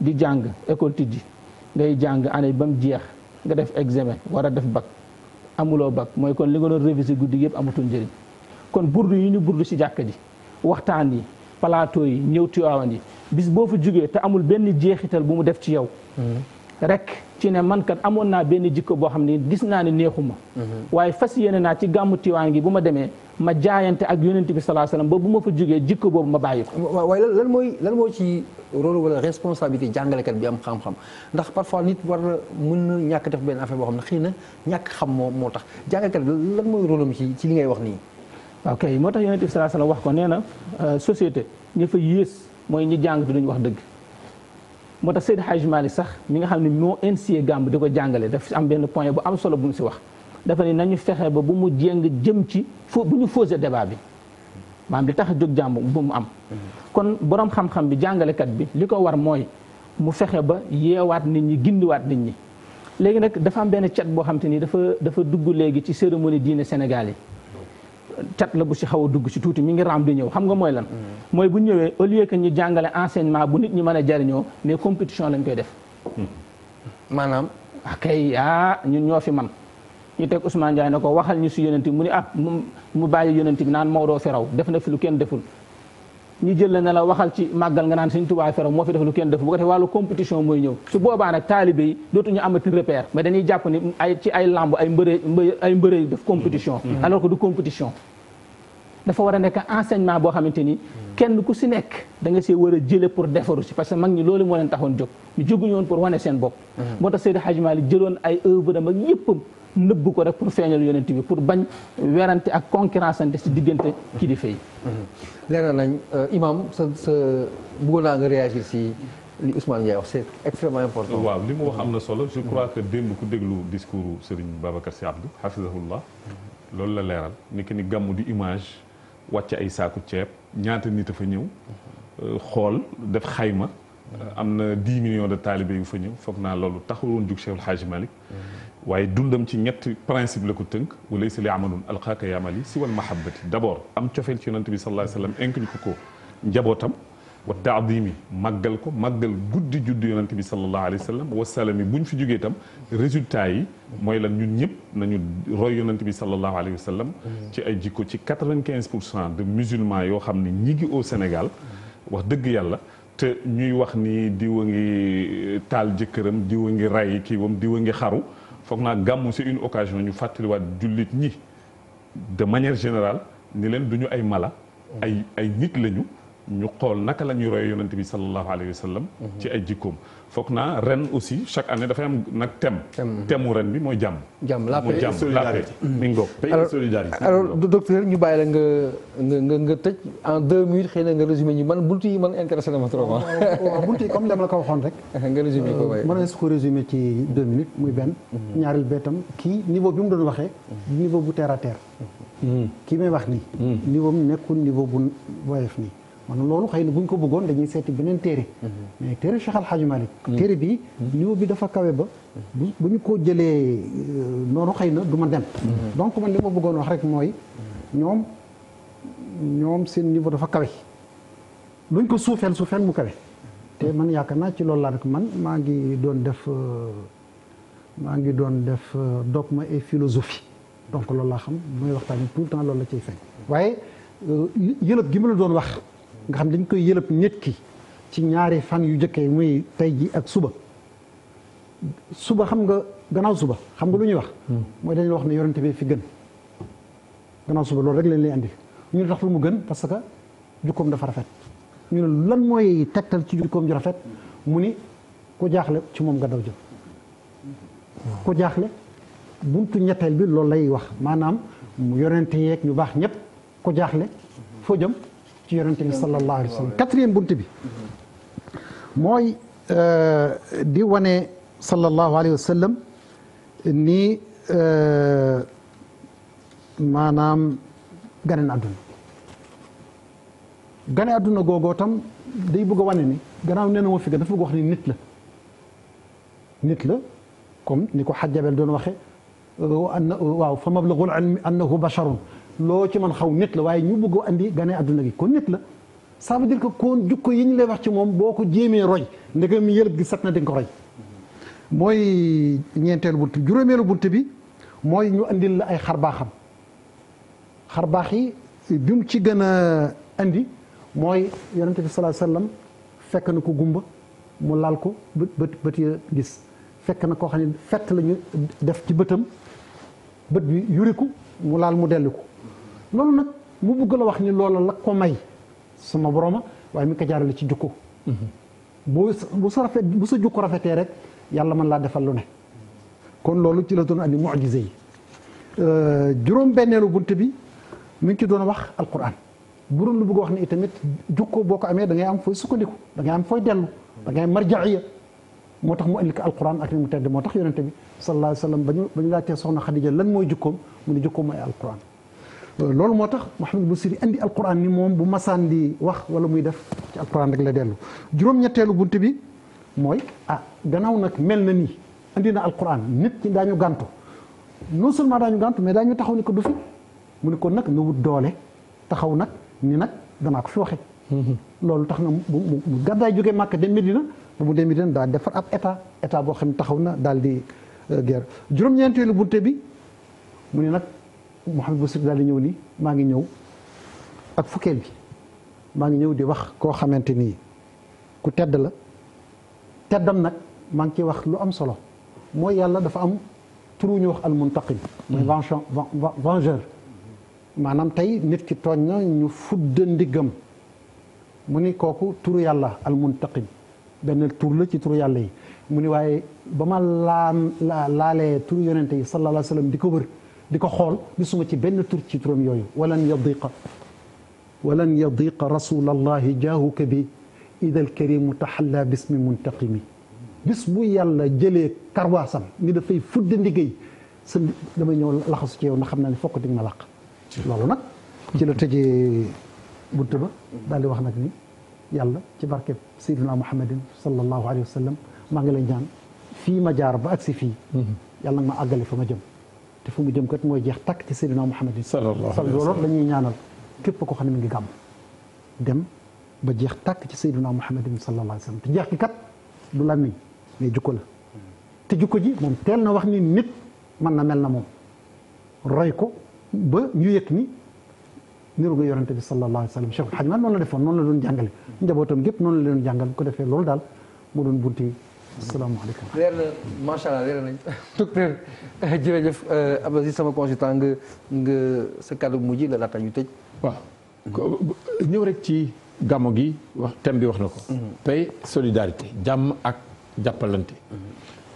di jàng école tijji ngay jàng année ba mu jeex nga def examen war a def bac amuloo bac mooy kon li nga doon réviser guddi yëpp amatul njëriñ kon burdu yi ñu burdu si jàkka ji waxtaan yi palaato yi ñëw Tiwaawan yi bis boo fa jugee te amul benn jeexital bu mu def ci yow mm-hmm. rek ci ne mankat amoon naa benn jikko boo xam ne gis naa ne neexuma mhm. waaye fas yéene naa ci gàmmu tiwaan gi bu ma demee ma jaayante ak yonent bi salaa salaam ba bu ma fa jógee jikko boobu ma bàyyi ko waaye lan mooy lan moo ci rôle wala responsabilité jàngalekat bi am xam-xam ndax parfois nit war na mën na ñàkk def benn affaire boo xam ne xëy na ñàkk xam moo moo tax jàngalekat bi lan mooy rôle am ci ci li ngay wax nii ok moo tax yonent bi salaa wax ko nee na euh, société ña fa yées mooy ñi jàng te duñ wax dëgg moo tax Seydi Hadj Malick sax mi nga xam ne moo initié gàmb di ko jàngale daf am benn point bu am solo bu mu si wax dafa ne nañu fexe ba bu mu jéng jëm ci fo bu ñu fausé débat bi maanaam li tax a jóg jàmb bu mu am kon borom xam-xam bi jàngalekat bi li ko war mooy mu fexe ba yeewaat nit ñi gindiwaat nit ñi léegi nag dafa am benn cat boo xam te ni dafa dafa dugg léegi ci cérémonie diine Sénégal yi cat la bu si xaw a dugg si tuuti mi ngi raam di ñëw xam nga mooy lan mm-hmm. mooy bu ñëwee au lieu que ñu jàngale enseignement bu nit ñi mën a jariñoo mais compétition lañ koy def mm-hmm. maanaam akay ah, ah ñun ñoo fi man ñu teg Ousmane Ndiaye ne ko waxal ñu si yonent bi mu ni ah mu bàyyi yonent bi naan Maodo fi raw def na lu kenn deful ñu jël la ne la waxal ci màggal nga naan Sëñ Tuubaa feraw moo fi def lu kenn def bu ko wàllu compétition mooy ñëw su boobaa nag taalibe yi dootuñu amati repère mais dañuy jàpp ni ci ay lamb ay mbëre ay mbëre def compétition mm-hmm. alors que du compétition dafa war a nekk enseignement boo xamante ni kenn ku si nekk da nga see war a jële pour defaru si parce que mag ñi loolu moo leen taxoon jóg ñu jóguñu pour wane seen bopp mhm. moo tax Seydi Hadji jëloon ay œuvre am ak yëppam nëbb ko rek pour feeñal yonent bi pour bañ werante ak concurrence ante si diggante di yi mhm. leer nañ euh, imam sa sa bëggoon naa nga réagir si li Ousmane Ndiaye wax c'est extrêmement important waaw li mu wax am na solo je ko mhm. que démb ku déglu discours Serigne Babacar Sy loolu la leeral ni que ni image wàcc ay saaku ceeb ñaata nit a fa ñëw euh, xool def xayma euh, am na dix millions de taalibe yu fa ñëw foog naa loolu taxul woon jug Cheikh El Hadj Malick waaye dundam ci ñetti principe la ko tënk walay sa li amalun alxaaka yaamali si wal mahabbati d' abord am cofeel ci yonent bi sallallahu alayhi wa ko njabootam wa taadimi màggal ko màggal guddi juddu yonante bi sallallahu alayhi wa sallam wasalami bu ñu fi jógee tam résultat yi mooy lan ñun ñëpp nañu roy yonante bi sallallahu alayhi wa sallam ci ay jikko ci quatre-vingt-quinze pour cent de musulmans yoo xam ni ñii gi au Sénégal wax dëgg yàlla te ñuy wax ni diwa ngi taal jëkkëram diwa ngi ray kii wam diwa ngi xaru foog naa gàmmu c'est une occasion ñu fàttaliwaat jullit ñi de manière général ni leen du ñu ay mala ay ay nit lañu ñu xool naka la ñuy royee yonent bi sallallahu alayhi wa sallam mhm. ci ay jikkoom foog naa ren aussi chaque année dafay am nag thème thème ren bi mooy jàmm jàmm la paix solidarité mi mm. ngoog paix solidarité alors docteur ñu bàyyi la nga nga nga nga tëj en deux minutes xëy na nga résumé ñu man buntu yi man intéressé na ma trop waaw buntu yi comme dama la ko waxoon rek nga résumé ko waaye euh, mën nañu ko résumé ci deux minutes muy benn mhm. ñaareel beetam kii niveau bi mu doon waxee mhm. niveau bu terre à terre kii may wax nii niveau mu nekkul niveau bu woyof nii maanaam loolu xëy na buñ ko bëggoon dañuy seeti beneen téere mhm. mais téere Cheikh Al Hadj Malick mhm. téere bi mhm. niveau bi dafa kawe ba bu bu ñu ko jëlee euh, noonu xëy na du ma dem donc man li ma bëggoon wax rek mooy ñoom ñoom seen niveau dafa kawe luñ ko suufeel suufeel mu kawe te man yaakaar naa ci loolu laa rek man maa ngi doon def euh, maa ngi doon def euh, dogme et philosophie donc loolu laa xam mooy waxtaan tout le temps loolu la ciy feeñ waaye yëlëb gi ma la doon wax nga xam dañ koy yëlëb nit ki ci ñaari fan yu jëkkee muy tey ji ak suba suba xam nga gannaaw suba xam nga lu ñuy wax hmm. mooy dañu wax ne yorante bi fi gën gannaaw suba loolu rek lañ lay andi ñu ne tax mu gën parce que jukkoom dafa rafet ñu ne lan mooy tegtal ci jukkoom ju rafet mu ni ku jaaxle ci moom nga daw jëm ku jaaxle buntu ñetteel bi loolu lay wax maanaam mu yorente yeek ñu baax ñëpp ku jaaxle foo jëm ci yonente bi sallallahu alayhi mooy euh, di wane sallallahu alayhi wa sallam ni euh, maanaam gane na àdduna gane àdduna googoo tam day bëgg a wane ni gannaaw nee na moo fi gën dafa bëgg wax ni nit ni ko xajabel doon waxe waaw fa mablagul ilmi basharun loo ci man xaw nit la waaye ñu bëggoo indi gane àdduna gi kon nit la ça veut ko que kon jukko yi ñu lay wax ci moom boo ko jéemee roy ndegam yëlëb gi sat na di ko roy mooy ñeenteelu bunt bi juróomeelu bunt bi mooy ñu andil la ay xarbaaxam xarbaax yi bi mu ci gën a indi mooy yonente bi salaa sallam fekk na ko gumba mu laal ko bët bët ya gis fekk na koo xam ne fekk lañu def ci bëtam bët bi yuriku mu laal mu dellu ko loolu nag mu bëgg la wax ni loola la ko may sama boroma waaye mi ko jaarale ci jukko bu bu rafet bu sa jukko rafetee rek yàlla mën laa defal lu ne kon loolu ci la doon andi mucjise yi euh, juróom benneelu bunt bi mi ngi ci doon wax alquran bu doon lu bëgg wax ne itamit jukko boo ko amee da ngay am fooy sukkandiku da ngay am fooy dellu da ngay marjaiya moo tax mu indi ko alquran ak mu tedd moo tax yonente bi sallallahu alayhi wa sallam ba ñu ba ñu laajtee soxna Xadija lan mooy jukkoom mu ne jukkoom mooy alquran euh, loolu moo tax Mouhamed Boussiri indi alquran ni moom bu masaan di wax wala muy def ci alquran rek la dellu juróom-ñetteelu bunt bi mooy ah gannaaw nag mel na nii indi na alquran nit ñi daañu gàntu non seulement daañu gàntu mais ñu taxaw ni ko du fi mu ne ko nag nga wut doole taxaw nag ni nag danaa ko fi waxee mm-hmm. loolu tax na mu gàddaay jógee màkk dem Medina bu mu demee daal defar ab état état boo xam ne taxaw na daal di euh, guerre juróom-ñeenteelu bunte bi mu ne nag Mouhamed Boussiré daal di ñëw nii maa ngi ñëw ak fukkeel bi maa ngi ñëw di wax koo xamante ni ku tedd la teddam nag maa ngi ciy wax lu am solo mooy yàlla dafa am turu ñu wax almuntaqim mooy vengeur maanaam tey nit ki tooñ na ñu fudd ndiggam mu ni kooku turu yàlla almuntaqim benn tur la ci tur yàlla yi mu ni waaye ba ma laa laalee tur yonente yi sallallahu alayhi wa di ko wër di ko xool gisuma ci benn tur ci turam yooyu walan yadiqa walan yadiqa rasulallahi jaahuka bi idal karimu taxalla bismi muntaqimi bis bu yàlla jëlee karwaasam ni dafay fudde ndigéey sa damay ñëw laxasu ci yow na xam naa ne fokk dig ma làq loolu nag ci la tëjee bunt ba daal di wax nag ni yàlla ci barkeb sayyidina muhammadin sallallahu alayhi wa sallam maa ngi lay ñaan fii ma jaar ba agsi fii mhm. yàlla nag ma àggale fa ma jëm te fu mu jëm kat mooy jeex takk ci sayyidina muhammadin loolu la ñuy ñaanal képp ko xam ne mi ngi gàmm dem ba jeex tàkk ci sayyidina muhammadin sallallahu alayhi wa sallam te jeex gi kat du làmmiñ mais jukko la te jukko ji moom teel na wax ni nit man na mel na moom roy ko ba ñu yëg ni niru nga bi sallallahu alayhi wa sallam Cheikh Hadj Malick la defoon noonu doon jàngale njabootam gépp noonu la doon ko defee loolu daal mu doon bunti asalaamaaleykum. leer macha allah jërëjëf euh, Abdou Aziz sama consultant nga nga sa kàddu bu ñu tëj. waaw rek ci gàmmu gi wax thème bi wax na ko. Mhm. tey solidarité jàmm ak jàppalante.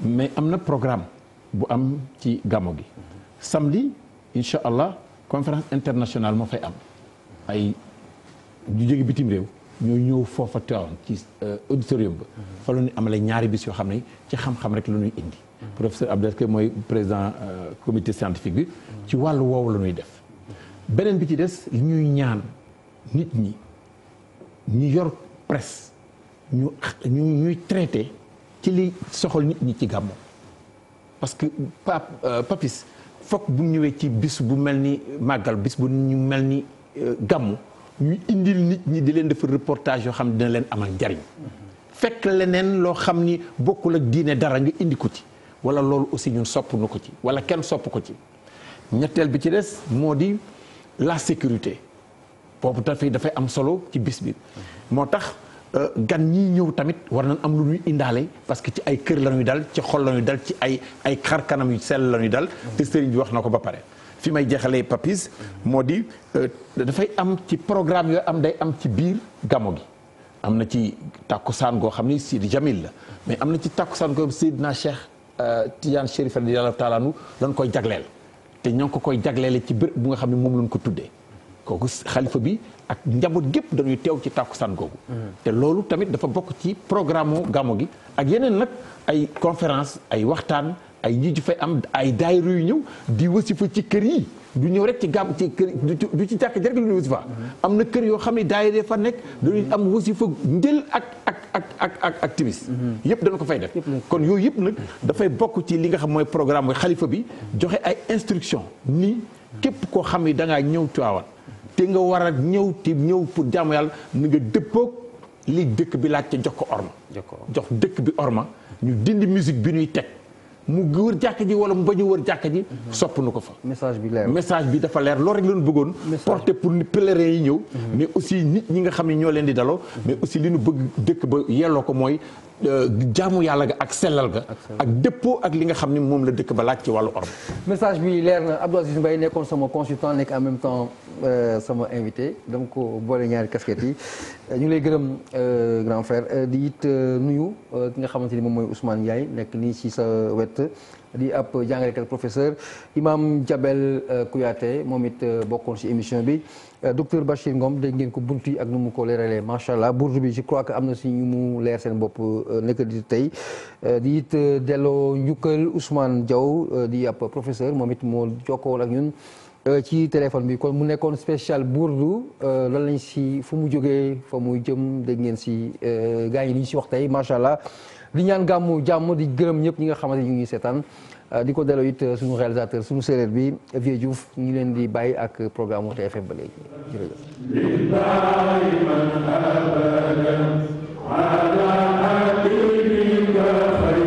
mais am na programme bu am ci gàmmu gi. Mhm. samedi incha allah conférence internationale moo fay am. ay ñu jóge bitim réew ñoo ñëw foofa teewoon ci euh, auditorium ba fa la ñu amalee ñaari bis yoo xam ne ci xam-xam rek la ñuy indi professeur Abdelke mooy président euh, comité scientifique bi ci wàllu woowu la ñuy def beneen bi ci des li ñuy ñaan nit ñi ñu yor presse ñu ñu ñuy traité ci li soxal nit ñi ci gàmmu parce que pa euh, papis foog bu ñëwee ci bis bu mel ni màggal bis bu ñu mel ni gàmmu ñu indi nit ñi di leen defar reportage yoo xam ne dina leen amal njariñ fekk leneen loo xam ni bokkul ak diine dara nga indi ko ci wala loolu aussi ñun sopp na ko ci wala kenn sopp ko ci ñetteel bi ci des moo di la sécurité boobu dafay dafay am solo ci bis bi moo tax euh, gan ñii ñëw tamit war nañ am lu ñuy indaale parce que ci ay kër la dal ci xol la dal ci ay ay xar kanam yu sell la dal te sëriñ bi wax na ko ba pare fi may jeexalee papis moo di euh, dafay am ci programme yooyu am day am ci biir gamo gi am na ci tàkkusaan goo xam ni Sidi Jamil la mais am na ci tàkkusaan goo Seydina Cheikh euh, Tidiane Chérif radiyallahu taala anhu danga koy jagleel te ñoo ngi ko koy jagleele ci bërëb bu nga xam ne moom lañ ko tuddee kooku xalifa bi ak njaboot gépp dañuy teew ci tàkkusaan googu mm-hmm. te loolu tamit dafa bokk ci programme gamo gi ak yeneen nag ay conférence ay waxtaan ay ñi ju fay am ay daayira yu ñëw di wasifa ci kër yi du ñëw rek ci gàmm ci kër du ci jàkk jarek lu ñuy wasifa am na kër yoo xam ne daayira fa nekk dañuy am wasifa njël ak ak ak ak ak ak timis mhm. yëpp dañu ko fay def kon yooyu yëpp nag dafay bokk ci li nga xam mooy programme bi xalifa bi joxe ay instruction ni képp koo xam ne da ngaa ñëw Tiwaawan te nga war a ñëw te ñëw pour jaamu yàlla ni nga dëppook li dëkk bi laaj te jox ko orma jox dëkk bi orma ñu teg mu wër jàkk ji wala mu bañ a wër jàkk ji sopp nu ko fa message bi leer message bi dafa leer loo rek lañu bëggoon porter pour ni pèlerins yi ñëw mhm. mais aussi nit ñi nga xam ne ñoo leen di daloo mhm. mais aussi li nu bëgg dëkk ba yelloo ko mooy Euh, jaamu yàlla ga ak sellal ga ak dëppoo ak li nga xam ne moom la dëkk ba laaj ci wàllu orma message bi leer na Abdou Aziz Mbaye nekkoon sama consultant nekk en même temps euh, sama invité donc euh, boole ñaari casquette yi ñu lay gërëm grand frère di it nuyu ki nga xamante ni moom mooy Ousmane yaay nekk nii si sa wet di ab jàngalekat professeur Imam Jabel euh, Kouyaté moom it euh, bokkoon ci émission bi euh, docteur Bachir Ngom dégg ngeen ko bunt yi ak nu mu ko leeralee macha allah burdu bi je crois que am na si ñu mu leer seen bopp nekk di tey di it delloo njukkal Ousmane Diaw di ab professeur moom it moo jokkoon ak ñun. ci téléphone bi kon mu nekkoon spécial burdu lan lañ si fu mu jógee fa muy jëm dégg ngeen si gars yi li ñu si wax tey macha allah. di ñaan gàmmu jàmm di gërëm ñëpp ñi nga xamante ñu ngi seetaan euh, di ko delloo it euh, suñu réalisateur suñu séeréer bi Vieux Diouf ñu leen di bàyyi ak programme TFM ba léegi jërëjëf